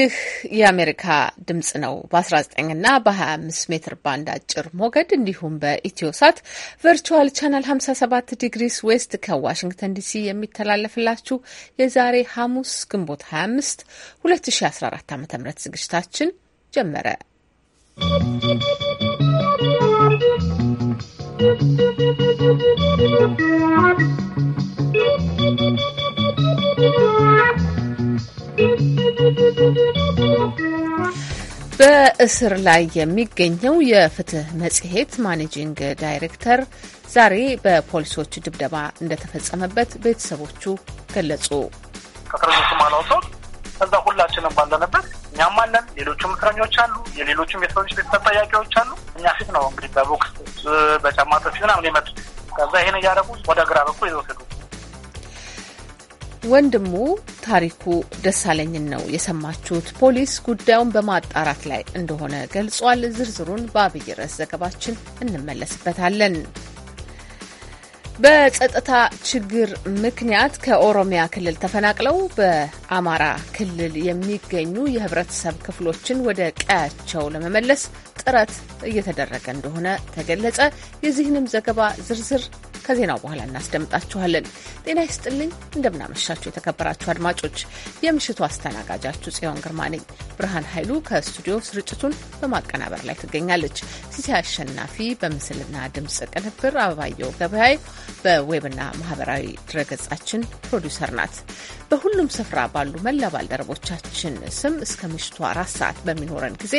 ይህ የአሜሪካ ድምጽ ነው። በ19 እና በ25 ሜትር ባንድ አጭር ሞገድ እንዲሁም በኢትዮሳት ቨርቹዋል ቻናል 57 ዲግሪስ ዌስት ከዋሽንግተን ዲሲ የሚተላለፍላችሁ የዛሬ ሐሙስ ግንቦት 25 2014 ዓ ም ዝግጅታችን ጀመረ። ¶¶ በእስር ላይ የሚገኘው የፍትህ መጽሔት ማኔጂንግ ዳይሬክተር ዛሬ በፖሊሶች ድብደባ እንደተፈጸመበት ቤተሰቦቹ ገለጹ። ከእስረኞቹም አላወሰው ከዛ ሁላችንም ባለንበት እኛም አለን፣ ሌሎቹም እስረኞች አሉ፣ የሌሎቹም ቤተሰቦች ቤተሰብ ጠያቂዎች አሉ። እኛ ፊት ነው እንግዲህ በቦክስ በጫማቶች ጥፊ ምናምን የመጡት ከዛ ይህን እያደረጉ ወደ ግራ በኩል ይወሰዱ ወንድሙ ታሪኩ ደሳለኝን ነው የሰማችሁት። ፖሊስ ጉዳዩን በማጣራት ላይ እንደሆነ ገልጿል። ዝርዝሩን በአብይ ርዕስ ዘገባችን እንመለስበታለን። በጸጥታ ችግር ምክንያት ከኦሮሚያ ክልል ተፈናቅለው በአማራ ክልል የሚገኙ የህብረተሰብ ክፍሎችን ወደ ቀያቸው ለመመለስ ጥረት እየተደረገ እንደሆነ ተገለጸ። የዚህንም ዘገባ ዝርዝር ከዜናው በኋላ እናስደምጣችኋለን። ጤና ይስጥልኝ፣ እንደምናመሻችሁ የተከበራችሁ አድማጮች፣ የምሽቱ አስተናጋጃችሁ ጽዮን ግርማ ነኝ። ብርሃን ኃይሉ ከስቱዲዮ ስርጭቱን በማቀናበር ላይ ትገኛለች። ሲሲ አሸናፊ በምስልና ድምፅ ቅንብር፣ አበባየው ገበያይ በዌብና ማህበራዊ ድረገጻችን ፕሮዲውሰር ናት። በሁሉም ስፍራ ባሉ መላ ባልደረቦቻችን ስም እስከ ምሽቱ አራት ሰዓት በሚኖረን ጊዜ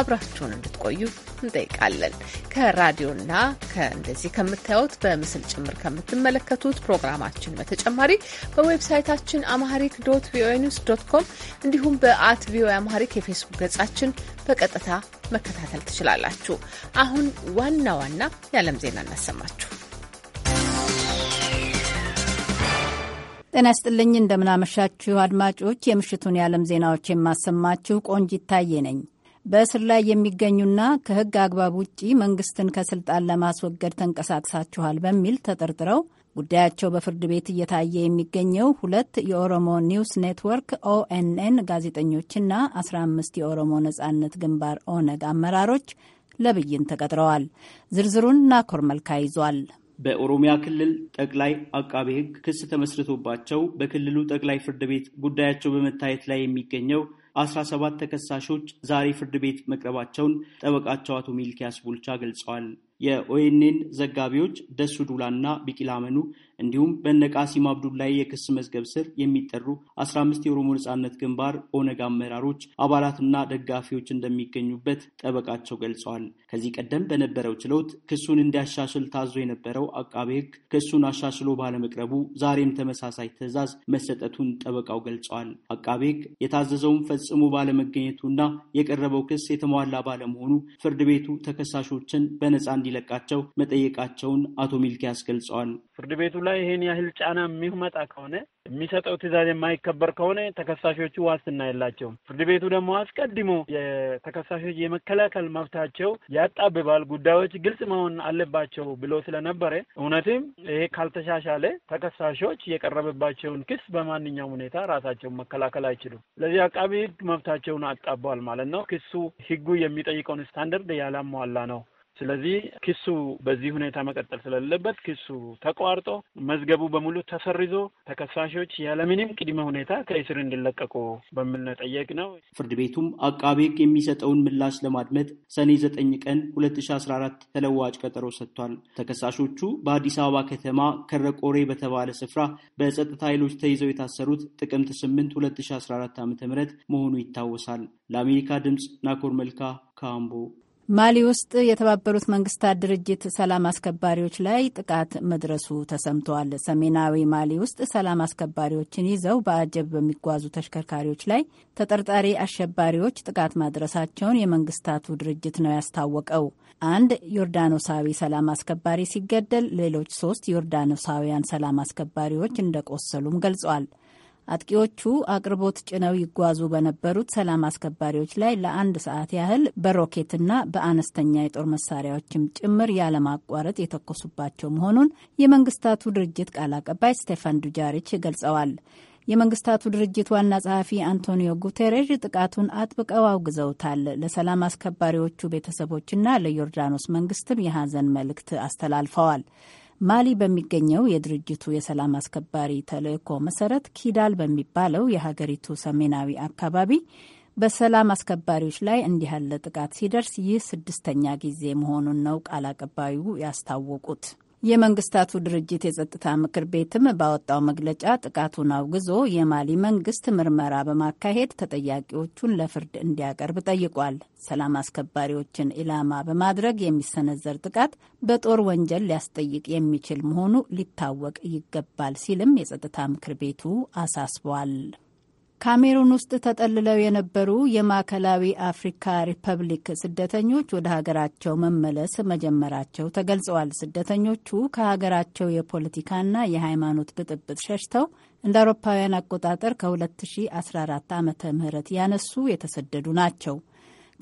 አብራችሁን እንድትቆዩ እንጠይቃለን። ከራዲዮና ከእንደዚህ ከምታዩት በምስል ጭምር ከምትመለከቱት ፕሮግራማችን በተጨማሪ በዌብሳይታችን አማሪክ ዶት ቪኦኤ ኒውስ ዶት ኮም እንዲሁም በአት ቪኦኤ አማሪክ የፌስቡክ ገጻችን በቀጥታ መከታተል ትችላላችሁ። አሁን ዋና ዋና የዓለም ዜና እናሰማችሁ። ጤና ይስጥልኝ እንደምናመሻችሁ አድማጮች፣ የምሽቱን የዓለም ዜናዎች የማሰማችሁ ቆንጅ ይታየ ነኝ። በእስር ላይ የሚገኙና ከህግ አግባብ ውጪ መንግስትን ከስልጣን ለማስወገድ ተንቀሳቅሳችኋል በሚል ተጠርጥረው ጉዳያቸው በፍርድ ቤት እየታየ የሚገኘው ሁለት የኦሮሞ ኒውስ ኔትወርክ ኦኤንኤን ጋዜጠኞችና 15 የኦሮሞ ነጻነት ግንባር ኦነግ አመራሮች ለብይን ተቀጥረዋል። ዝርዝሩን ናኮር መልካ ይዟል። በኦሮሚያ ክልል ጠቅላይ አቃቤ ህግ ክስ ተመስርቶባቸው በክልሉ ጠቅላይ ፍርድ ቤት ጉዳያቸው በመታየት ላይ የሚገኘው አስራ ሰባት ተከሳሾች ዛሬ ፍርድ ቤት መቅረባቸውን ጠበቃቸው አቶ ሚልኪያስ ቡልቻ ገልጸዋል። የኦኤንኤን ዘጋቢዎች ደሱ ዱላና እና ቢቂላ መኑ እንዲሁም በነቃሲም ላይ የክስ መዝገብ ስር የሚጠሩ አስራ የኦሮሞ ነጻነት ግንባር ኦነግ አመራሮች አባላትና ደጋፊዎች እንደሚገኙበት ጠበቃቸው ገልጸዋል። ከዚህ ቀደም በነበረው ችሎት ክሱን እንዲያሻሽል ታዞ የነበረው አቃቤ ሕግ ክሱን አሻሽሎ ባለመቅረቡ ዛሬም ተመሳሳይ ትዕዛዝ መሰጠቱን ጠበቃው ገልጸዋል። አቃቤ ሕግ የታዘዘውን ፈጽሞ ባለመገኘቱና የቀረበው ክስ የተሟላ ባለመሆኑ ፍርድ ቤቱ ተከሳሾችን በነፃ እንዲለቃቸው መጠየቃቸውን አቶ ሚልኪያስ ገልጸዋል። ፍርድ ቤቱ ላይ ይሄን ያህል ጫና የሚመጣ ከሆነ የሚሰጠው ትዕዛዝ የማይከበር ከሆነ ተከሳሾቹ ዋስትና የላቸውም። ፍርድ ቤቱ ደግሞ አስቀድሞ የተከሳሾች የመከላከል መብታቸው ያጣብባል፣ ጉዳዮች ግልጽ መሆን አለባቸው ብሎ ስለነበረ እውነትም ይሄ ካልተሻሻለ ተከሳሾች የቀረበባቸውን ክስ በማንኛውም ሁኔታ ራሳቸውን መከላከል አይችሉም። ስለዚህ አቃቢ ሕግ መብታቸውን አጣቧል ማለት ነው። ክሱ ሕጉ የሚጠይቀውን ስታንደርድ ያላሟላ ነው። ስለዚህ ክሱ በዚህ ሁኔታ መቀጠል ስለሌለበት ክሱ ተቋርጦ መዝገቡ በሙሉ ተሰርዞ ተከሳሾች ያለምንም ቅድመ ሁኔታ ከእስር እንዲለቀቁ በሚል ነው የጠየቅነው። ፍርድ ቤቱም አቃቤ ሕግ የሚሰጠውን ምላሽ ለማድመጥ ሰኔ 9 ቀን 2014 ተለዋጭ ቀጠሮ ሰጥቷል። ተከሳሾቹ በአዲስ አበባ ከተማ ከረቆሬ በተባለ ስፍራ በጸጥታ ኃይሎች ተይዘው የታሰሩት ጥቅምት 8 2014 ዓ ም መሆኑ ይታወሳል። ለአሜሪካ ድምፅ ናኮር መልካ ካምቦ ማሊ ውስጥ የተባበሩት መንግስታት ድርጅት ሰላም አስከባሪዎች ላይ ጥቃት መድረሱ ተሰምተዋል። ሰሜናዊ ማሊ ውስጥ ሰላም አስከባሪዎችን ይዘው በአጀብ በሚጓዙ ተሽከርካሪዎች ላይ ተጠርጣሪ አሸባሪዎች ጥቃት ማድረሳቸውን የመንግስታቱ ድርጅት ነው ያስታወቀው። አንድ ዮርዳኖሳዊ ሰላም አስከባሪ ሲገደል፣ ሌሎች ሶስት ዮርዳኖሳውያን ሰላም አስከባሪዎች እንደቆሰሉም ገልጿል። አጥቂዎቹ አቅርቦት ጭነው ይጓዙ በነበሩት ሰላም አስከባሪዎች ላይ ለአንድ ሰዓት ያህል በሮኬትና በአነስተኛ የጦር መሳሪያዎችም ጭምር ያለማቋረጥ የተኮሱባቸው መሆኑን የመንግስታቱ ድርጅት ቃል አቀባይ ስቴፋን ዱጃሪች ገልጸዋል። የመንግስታቱ ድርጅት ዋና ጸሐፊ አንቶኒዮ ጉቴሬዥ ጥቃቱን አጥብቀው አውግዘውታል። ለሰላም አስከባሪዎቹ ቤተሰቦችና ለዮርዳኖስ መንግስትም የሐዘን መልእክት አስተላልፈዋል። ማሊ በሚገኘው የድርጅቱ የሰላም አስከባሪ ተልእኮ መሰረት ኪዳል በሚባለው የሀገሪቱ ሰሜናዊ አካባቢ በሰላም አስከባሪዎች ላይ እንዲህ ያለ ጥቃት ሲደርስ ይህ ስድስተኛ ጊዜ መሆኑን ነው ቃል አቀባዩ ያስታወቁት። የመንግስታቱ ድርጅት የጸጥታ ምክር ቤትም ባወጣው መግለጫ ጥቃቱን አውግዞ የማሊ መንግስት ምርመራ በማካሄድ ተጠያቂዎቹን ለፍርድ እንዲያቀርብ ጠይቋል። ሰላም አስከባሪዎችን ኢላማ በማድረግ የሚሰነዘር ጥቃት በጦር ወንጀል ሊያስጠይቅ የሚችል መሆኑ ሊታወቅ ይገባል ሲልም የጸጥታ ምክር ቤቱ አሳስቧል። ካሜሩን ውስጥ ተጠልለው የነበሩ የማዕከላዊ አፍሪካ ሪፐብሊክ ስደተኞች ወደ ሀገራቸው መመለስ መጀመራቸው ተገልጸዋል። ስደተኞቹ ከሀገራቸው የፖለቲካና የሃይማኖት ብጥብጥ ሸሽተው እንደ አውሮፓውያን አቆጣጠር ከ2014 ዓ ም ያነሱ የተሰደዱ ናቸው።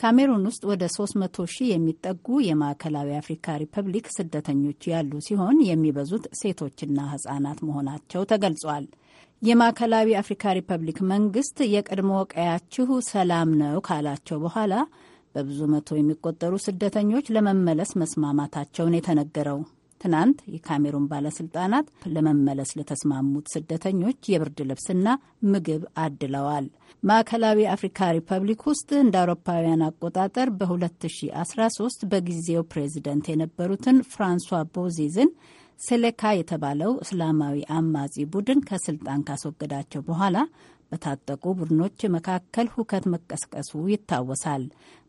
ካሜሩን ውስጥ ወደ 300 ሺህ የሚጠጉ የማዕከላዊ አፍሪካ ሪፐብሊክ ስደተኞች ያሉ ሲሆን የሚበዙት ሴቶችና ህጻናት መሆናቸው ተገልጿል። የማዕከላዊ አፍሪካ ሪፐብሊክ መንግስት የቀድሞ ቀያችሁ ሰላም ነው ካላቸው በኋላ በብዙ መቶ የሚቆጠሩ ስደተኞች ለመመለስ መስማማታቸውን የተነገረው ትናንት የካሜሩን ባለስልጣናት ለመመለስ ለተስማሙት ስደተኞች የብርድ ልብስና ምግብ አድለዋል። ማዕከላዊ አፍሪካ ሪፐብሊክ ውስጥ እንደ አውሮፓውያን አቆጣጠር በ2013 በጊዜው ፕሬዚደንት የነበሩትን ፍራንሷ ቦዚዝን ሴሌካ የተባለው እስላማዊ አማጺ ቡድን ከስልጣን ካስወገዳቸው በኋላ በታጠቁ ቡድኖች መካከል ሁከት መቀስቀሱ ይታወሳል።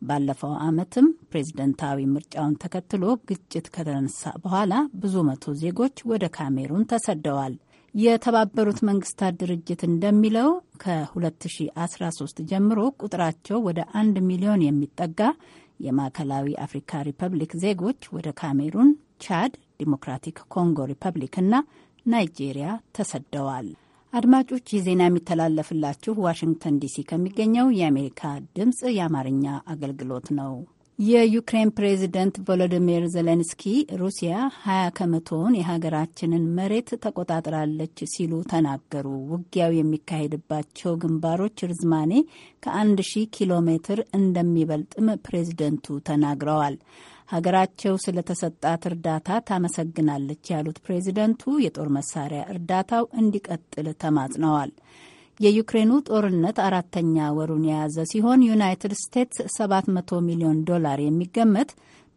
ባለፈው ዓመትም ፕሬዝደንታዊ ምርጫውን ተከትሎ ግጭት ከተነሳ በኋላ ብዙ መቶ ዜጎች ወደ ካሜሩን ተሰደዋል። የተባበሩት መንግስታት ድርጅት እንደሚለው ከ2013 ጀምሮ ቁጥራቸው ወደ አንድ ሚሊዮን የሚጠጋ የማዕከላዊ አፍሪካ ሪፐብሊክ ዜጎች ወደ ካሜሩን፣ ቻድ፣ ዲሞክራቲክ ኮንጎ ሪፐብሊክና ናይጄሪያ ተሰደዋል። አድማጮች ይህ ዜና የሚተላለፍላችሁ ዋሽንግተን ዲሲ ከሚገኘው የአሜሪካ ድምፅ የአማርኛ አገልግሎት ነው። የዩክሬን ፕሬዚደንት ቮሎዲሚር ዜሌንስኪ ሩሲያ ሀያ ከመቶውን የሀገራችንን መሬት ተቆጣጥራለች ሲሉ ተናገሩ። ውጊያው የሚካሄድባቸው ግንባሮች ርዝማኔ ከአንድ ሺህ ኪሎ ሜትር እንደሚበልጥም ፕሬዚደንቱ ተናግረዋል። ሀገራቸው ስለተሰጣት እርዳታ ታመሰግናለች ያሉት ፕሬዚደንቱ የጦር መሳሪያ እርዳታው እንዲቀጥል ተማጽነዋል። የዩክሬኑ ጦርነት አራተኛ ወሩን የያዘ ሲሆን ዩናይትድ ስቴትስ 700 ሚሊዮን ዶላር የሚገመት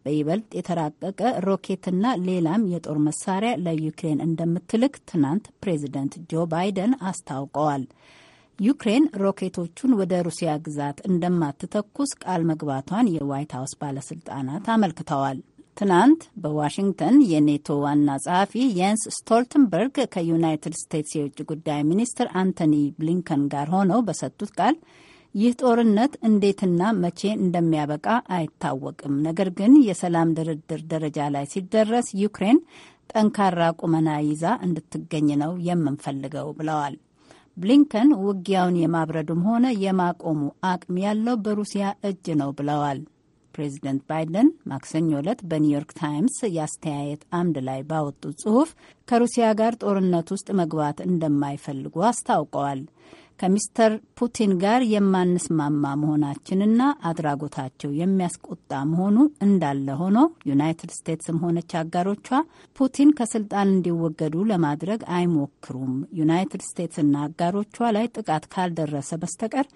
በይበልጥ የተራቀቀ ሮኬትና ሌላም የጦር መሳሪያ ለዩክሬን እንደምትልክ ትናንት ፕሬዚደንት ጆ ባይደን አስታውቀዋል። ዩክሬን ሮኬቶቹን ወደ ሩሲያ ግዛት እንደማትተኩስ ቃል መግባቷን የዋይት ሀውስ ባለስልጣናት አመልክተዋል። ትናንት በዋሽንግተን የኔቶ ዋና ጸሐፊ የንስ ስቶልተንበርግ ከዩናይትድ ስቴትስ የውጭ ጉዳይ ሚኒስትር አንቶኒ ብሊንከን ጋር ሆነው በሰጡት ቃል ይህ ጦርነት እንዴትና መቼ እንደሚያበቃ አይታወቅም፣ ነገር ግን የሰላም ድርድር ደረጃ ላይ ሲደረስ ዩክሬን ጠንካራ ቁመና ይዛ እንድትገኝ ነው የምንፈልገው ብለዋል። ብሊንከን ውጊያውን የማብረዱም ሆነ የማቆሙ አቅም ያለው በሩሲያ እጅ ነው ብለዋል። ፕሬዚደንት ባይደን ማክሰኞ ዕለት በኒውዮርክ ታይምስ የአስተያየት አምድ ላይ ባወጡት ጽሑፍ ከሩሲያ ጋር ጦርነት ውስጥ መግባት እንደማይፈልጉ አስታውቀዋል። ከሚስተር ፑቲን ጋር የማንስማማ መሆናችንና አድራጎታቸው የሚያስቆጣ መሆኑ እንዳለ ሆኖ ዩናይትድ ስቴትስም ሆነች አጋሮቿ ፑቲን ከስልጣን እንዲወገዱ ለማድረግ አይሞክሩም። ዩናይትድ ስቴትስና አጋሮቿ ላይ ጥቃት ካልደረሰ በስተቀር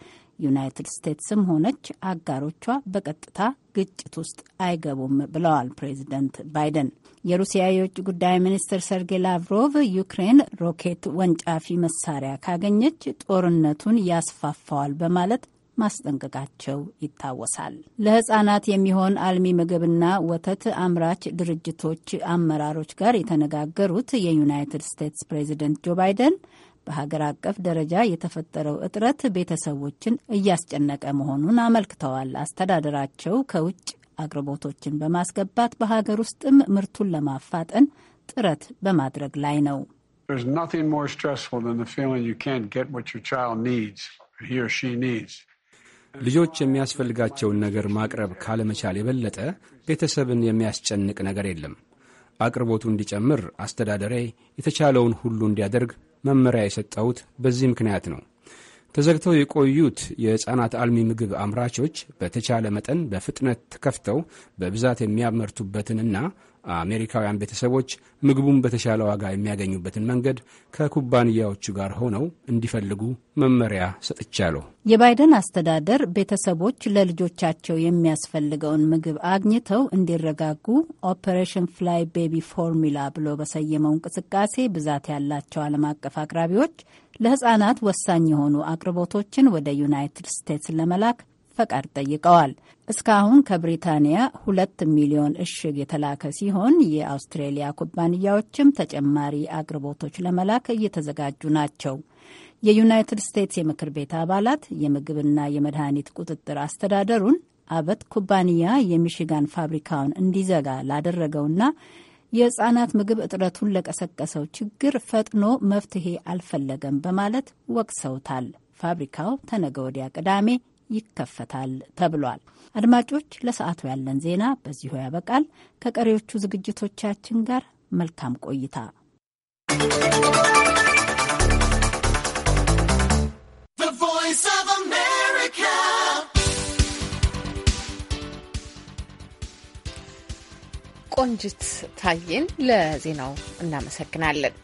ዩናይትድ ስቴትስም ሆነች አጋሮቿ በቀጥታ ግጭት ውስጥ አይገቡም ብለዋል ፕሬዚደንት ባይደን። የሩሲያ የውጭ ጉዳይ ሚኒስትር ሰርጌይ ላቭሮቭ ዩክሬን ሮኬት ወንጫፊ መሳሪያ ካገኘች ጦርነቱን ያስፋፋዋል በማለት ማስጠንቀቃቸው ይታወሳል። ለሕጻናት የሚሆን አልሚ ምግብና ወተት አምራች ድርጅቶች አመራሮች ጋር የተነጋገሩት የዩናይትድ ስቴትስ ፕሬዚደንት ጆ ባይደን በሀገር አቀፍ ደረጃ የተፈጠረው እጥረት ቤተሰቦችን እያስጨነቀ መሆኑን አመልክተዋል። አስተዳደራቸው ከውጭ አቅርቦቶችን በማስገባት በሀገር ውስጥም ምርቱን ለማፋጠን ጥረት በማድረግ ላይ ነው። ልጆች የሚያስፈልጋቸውን ነገር ማቅረብ ካለመቻል የበለጠ ቤተሰብን የሚያስጨንቅ ነገር የለም። አቅርቦቱ እንዲጨምር አስተዳደሬ የተቻለውን ሁሉ እንዲያደርግ መመሪያ የሰጠሁት በዚህ ምክንያት ነው። ተዘግተው የቆዩት የሕፃናት አልሚ ምግብ አምራቾች በተቻለ መጠን በፍጥነት ተከፍተው በብዛት የሚያመርቱበትንና አሜሪካውያን ቤተሰቦች ምግቡን በተሻለ ዋጋ የሚያገኙበትን መንገድ ከኩባንያዎቹ ጋር ሆነው እንዲፈልጉ መመሪያ ሰጥቻለሁ። የባይደን አስተዳደር ቤተሰቦች ለልጆቻቸው የሚያስፈልገውን ምግብ አግኝተው እንዲረጋጉ ኦፐሬሽን ፍላይ ቤቢ ፎርሚላ ብሎ በሰየመው እንቅስቃሴ ብዛት ያላቸው ዓለም አቀፍ አቅራቢዎች ለህፃናት ወሳኝ የሆኑ አቅርቦቶችን ወደ ዩናይትድ ስቴትስ ለመላክ ፈቃድ ጠይቀዋል። እስካሁን ከብሪታንያ ሁለት ሚሊዮን እሽግ የተላከ ሲሆን የአውስትሬሊያ ኩባንያዎችም ተጨማሪ አቅርቦቶች ለመላክ እየተዘጋጁ ናቸው። የዩናይትድ ስቴትስ የምክር ቤት አባላት የምግብና የመድኃኒት ቁጥጥር አስተዳደሩን አበት ኩባንያ የሚሽጋን ፋብሪካውን እንዲዘጋ ላደረገውና የህፃናት ምግብ እጥረቱን ለቀሰቀሰው ችግር ፈጥኖ መፍትሄ አልፈለገም በማለት ወቅሰውታል። ፋብሪካው ተነገ ወዲያ ቅዳሜ ይከፈታል ተብሏል። አድማጮች፣ ለሰዓቱ ያለን ዜና በዚሁ ያበቃል። ከቀሪዎቹ ዝግጅቶቻችን ጋር መልካም ቆይታ ቆንጅት ታዬን ለዜናው እናመሰግናለን።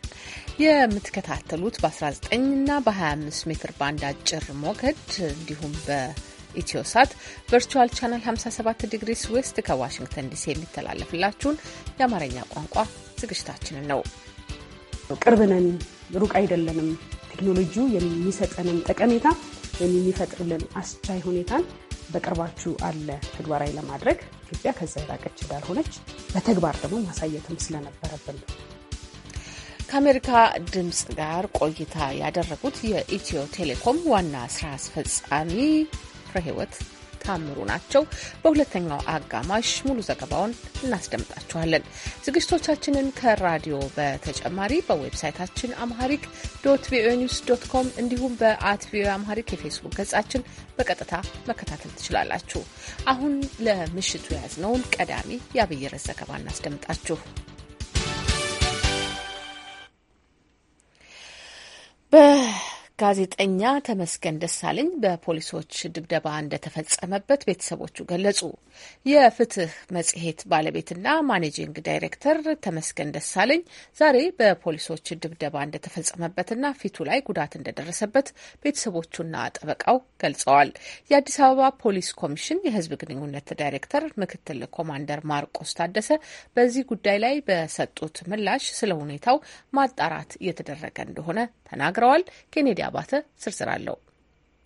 የምትከታተሉት በ19 እና በ25 ሜትር ባንድ አጭር ሞገድ እንዲሁም በኢትዮሳት ቨርቹዋል ቻናል 57 ዲግሪስ ዌስት ከዋሽንግተን ዲሲ የሚተላለፍላችሁን የአማርኛ ቋንቋ ዝግጅታችንን ነው። ቅርብ ነን፣ ሩቅ አይደለንም። ቴክኖሎጂው የሚሰጠንን ጠቀሜታ ወይም የሚፈጥርልን አስቻይ ሁኔታን በቅርባችሁ አለ ተግባራዊ ለማድረግ ኢትዮጵያ ከዛ የራቀች እንዳልሆነች በተግባር ደግሞ ማሳየትም ስለነበረብን ከአሜሪካ ድምፅ ጋር ቆይታ ያደረጉት የኢትዮ ቴሌኮም ዋና ስራ አስፈጻሚ ፍሬህይወት ታምሩ ናቸው። በሁለተኛው አጋማሽ ሙሉ ዘገባውን እናስደምጣችኋለን። ዝግጅቶቻችንን ከራዲዮ በተጨማሪ በዌብሳይታችን አምሃሪክ ዶት ቪኦኤ ኒውስ ዶት ኮም እንዲሁም በአት ቪኦኤ አምሃሪክ የፌስቡክ ገጻችን በቀጥታ መከታተል ትችላላችሁ። አሁን ለምሽቱ የያዝነውን ቀዳሚ የአብይ ርዕስ ዘገባ እናስደምጣችሁ። ጋዜጠኛ ተመስገን ደሳለኝ በፖሊሶች ድብደባ እንደተፈጸመበት ቤተሰቦቹ ገለጹ። የፍትህ መጽሔት ባለቤትና ማኔጂንግ ዳይሬክተር ተመስገን ደሳለኝ ዛሬ በፖሊሶች ድብደባ እንደተፈጸመበትና ፊቱ ላይ ጉዳት እንደደረሰበት ቤተሰቦቹና ጠበቃው ገልጸዋል። የአዲስ አበባ ፖሊስ ኮሚሽን የህዝብ ግንኙነት ዳይሬክተር ምክትል ኮማንደር ማርቆስ ታደሰ በዚህ ጉዳይ ላይ በሰጡት ምላሽ ስለ ሁኔታው ማጣራት እየተደረገ እንደሆነ ተናግረዋል። ኬኔዲ አባተ ስርስር አለው።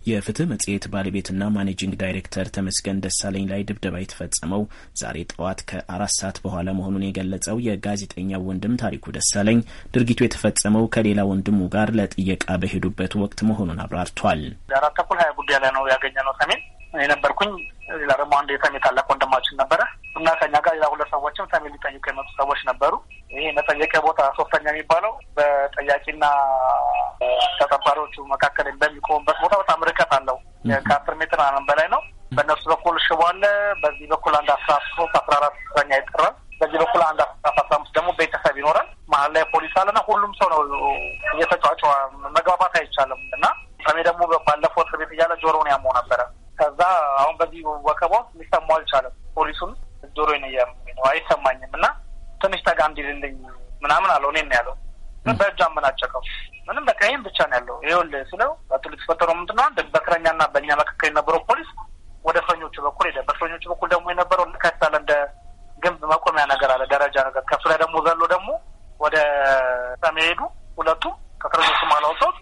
የፍትህ መጽሔት ባለቤትና ማኔጂንግ ዳይሬክተር ተመስገን ደሳለኝ ላይ ድብደባ የተፈጸመው ዛሬ ጠዋት ከአራት ሰዓት በኋላ መሆኑን የገለጸው የጋዜጠኛው ወንድም ታሪኩ ደሳለኝ ድርጊቱ የተፈጸመው ከሌላ ወንድሙ ጋር ለጥየቃ በሄዱበት ወቅት መሆኑን አብራርቷል። አራት ተኩል ሀያ ጉዳይ ላይ ነው ያገኘ ነው ሰሜን የነበርኩኝ ሌላ ደግሞ አንድ የተሜ ታላቅ ወንድማችን ነበረ እና ከኛ ጋር ሌላ ሁለት ሰዎችም ተሜ ሊጠይቁ የመጡ ሰዎች ነበሩ። ይህ መጠየቂያ ቦታ ሶስተኛ የሚባለው በጠያቂና ተጠባሪዎቹ መካከል በሚቆሙበት ቦታ በጣም ርቀት አለው። ከአስር ሜትር አለም በላይ ነው። በእነሱ በኩል ሽቦ አለ። በዚህ በኩል አንድ አስራ ሶስት አስራ አራት እስረኛ ይጠራል። በዚህ በኩል አንድ አስራ አምስት ደግሞ ቤተሰብ ይኖራል። መሀል ላይ ፖሊስ አለና ሁሉም ሰው ነው እየተጫጫዋ መግባባት አይቻልም እና ሰሜ ደግሞ ባለፈው እስር ቤት እያለ ጆሮውን ያመው ነበረ ከዛ አሁን በዚህ ወከባ ውስጥ ሊሰማው አልቻለም። ፖሊሱን ጆሮ ነው ነው አይሰማኝም እና ትንሽ ጠጋ እንዲልልኝ ምናምን አለው። እኔ ነው ያለው በእጁ አመናጨቀው። ምንም በቃ ይህም ብቻ ነው ያለው። ይኸውልህ ስለው በጥሉ የተፈጠረው ምንድን ነው አንድ በእስረኛና በእኛ መካከል የነበረው ፖሊስ ወደ እስረኞቹ በኩል ሄደ። በእስረኞቹ በኩል ደግሞ የነበረው ልከታለ እንደ ግንብ መቆሚያ ነገር አለ ደረጃ ነገር ከሱ ላይ ደግሞ ዘሎ ደግሞ ወደ ሰሜ ሄዱ። ሁለቱም ከእስረኞቹ ማላውሰት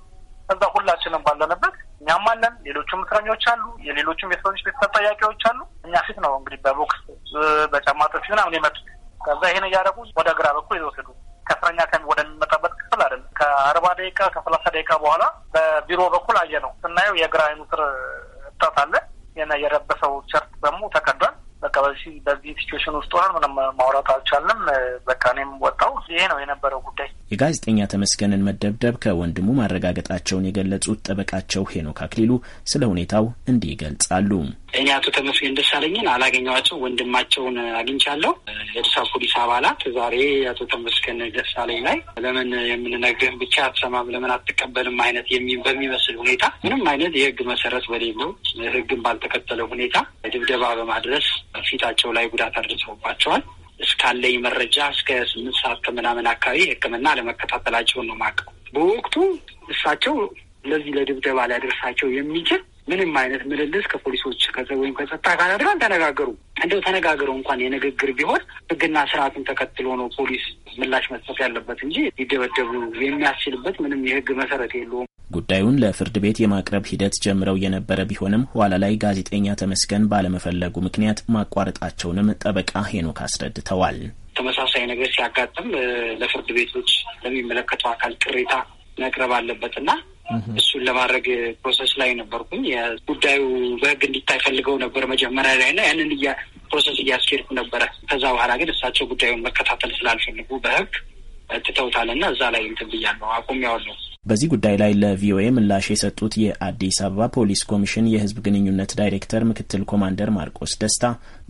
እዛ ሁላችንም ባለንበት እኛም አለን፣ ሌሎቹም እስረኞች አሉ፣ የሌሎቹም የእስረኞች ቤተሰብ ጠያቂዎች አሉ። እኛ ፊት ነው እንግዲህ በቦክስ በጫማቶች ምናምን የመጡት። ከዛ ይሄን እያደረጉ ወደ ግራ በኩል የወሰዱ ከእስረኛ ከሚ ወደሚመጣበት ክፍል አይደለም። ከአርባ ደቂቃ ከሰላሳ ደቂቃ በኋላ በቢሮ በኩል አየ ነው ስናየው የግራ አይኑ ስር እብጠት አለ። የረበሰው ቸርት ደግሞ ተቀዷል። በቃ በዚህ በዚህ ሲትዌሽን ውስጥ ሆነን ምንም ማውራት አልቻለም። በቃ እኔም ወጣው። ይሄ ነው የነበረው ጉዳይ። የጋዜጠኛ ተመስገንን መደብደብ ከወንድሙ ማረጋገጣቸውን የገለጹት ጠበቃቸው ሄኖክ አክሊሉ ስለ ሁኔታው እንዲህ ይገልጻሉ። እኔ አቶ ተመስገን ደሳለኝን አላገኘኋቸው፣ ወንድማቸውን አግኝቻለሁ። የድሳ ፖሊስ አባላት ዛሬ አቶ ተመስገን ደሳለኝ ላይ ለምን የምንነግርህን ብቻ አትሰማም፣ ለምን አትቀበልም አይነት በሚመስል ሁኔታ ምንም አይነት የህግ መሰረት በሌለው ህግን ባልተከተለ ሁኔታ ድብደባ በማድረስ ፊታቸው ላይ ጉዳት አድርሰውባቸዋል። እስካለኝ መረጃ እስከ ስምንት ሰዓት ከምናምን አካባቢ ህክምና ለመከታተላቸውን ነው ማቀው። በወቅቱ እሳቸው ለዚህ ለድብደባ ሊያደርሳቸው የሚችል ምንም አይነት ምልልስ ከፖሊሶች ወይም ከጸጥታ አካላት ጋር ተነጋገሩ እንደው ተነጋገረው እንኳን የንግግር ቢሆን ህግና ስርዓቱን ተከትሎ ነው ፖሊስ ምላሽ መስጠት ያለበት እንጂ ሊደበደቡ የሚያስችልበት ምንም የህግ መሰረት የለውም። ጉዳዩን ለፍርድ ቤት የማቅረብ ሂደት ጀምረው የነበረ ቢሆንም ኋላ ላይ ጋዜጠኛ ተመስገን ባለመፈለጉ ምክንያት ማቋረጣቸውንም ጠበቃ ሄኖክ አስረድተዋል። ተመሳሳይ ነገር ሲያጋጥም ለፍርድ ቤቶች ለሚመለከተው አካል ቅሬታ መቅረብ አለበትና እሱን ለማድረግ ፕሮሰስ ላይ ነበርኩኝ። ጉዳዩ በህግ እንዲታይ ፈልገው ነበር መጀመሪያ ላይ እና ያንን እያ ፕሮሰስ እያስኬድኩ ነበረ። ከዛ በኋላ ግን እሳቸው ጉዳዩን መከታተል ስላልፈልጉ በህግ ትተውታል እና እዛ ላይ እንትን ብያለሁ፣ አቁሜያለሁ። በዚህ ጉዳይ ላይ ለቪኦኤ ምላሽ የሰጡት የአዲስ አበባ ፖሊስ ኮሚሽን የህዝብ ግንኙነት ዳይሬክተር ምክትል ኮማንደር ማርቆስ ደስታ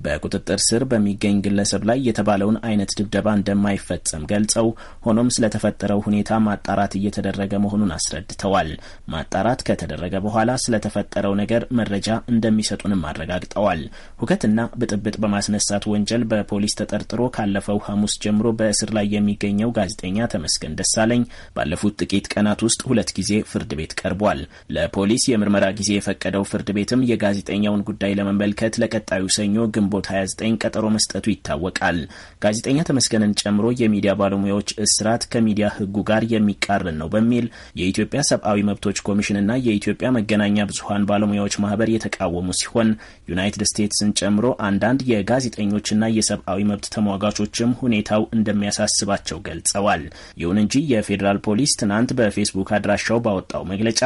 በቁጥጥር ስር በሚገኝ ግለሰብ ላይ የተባለውን አይነት ድብደባ እንደማይፈጸም ገልጸው ሆኖም ስለተፈጠረው ሁኔታ ማጣራት እየተደረገ መሆኑን አስረድተዋል። ማጣራት ከተደረገ በኋላ ስለተፈጠረው ነገር መረጃ እንደሚሰጡንም አረጋግጠዋል። ሁከትና ብጥብጥ በማስነሳት ወንጀል በፖሊስ ተጠርጥሮ ካለፈው ሐሙስ ጀምሮ በእስር ላይ የሚገኘው ጋዜጠኛ ተመስገን ደሳለኝ ባለፉት ጥቂት ቀናት ውስጥ ሁለት ጊዜ ፍርድ ቤት ቀርቧል። ለፖሊስ የምርመራ ጊዜ የፈቀደው ፍርድ ቤትም የጋዜጠኛውን ጉዳይ ለመመልከት ለቀጣዩ ሰኞ ግንቦ ግንቦት 29 ቀጠሮ መስጠቱ ይታወቃል። ጋዜጠኛ ተመስገንን ጨምሮ የሚዲያ ባለሙያዎች እስራት ከሚዲያ ሕጉ ጋር የሚቃረን ነው በሚል የኢትዮጵያ ሰብአዊ መብቶች ኮሚሽንና የኢትዮጵያ መገናኛ ብዙሀን ባለሙያዎች ማህበር የተቃወሙ ሲሆን ዩናይትድ ስቴትስን ጨምሮ አንዳንድ የጋዜጠኞችና የሰብአዊ መብት ተሟጋቾችም ሁኔታው እንደሚያሳስባቸው ገልጸዋል። ይሁን እንጂ የፌዴራል ፖሊስ ትናንት በፌስቡክ አድራሻው ባወጣው መግለጫ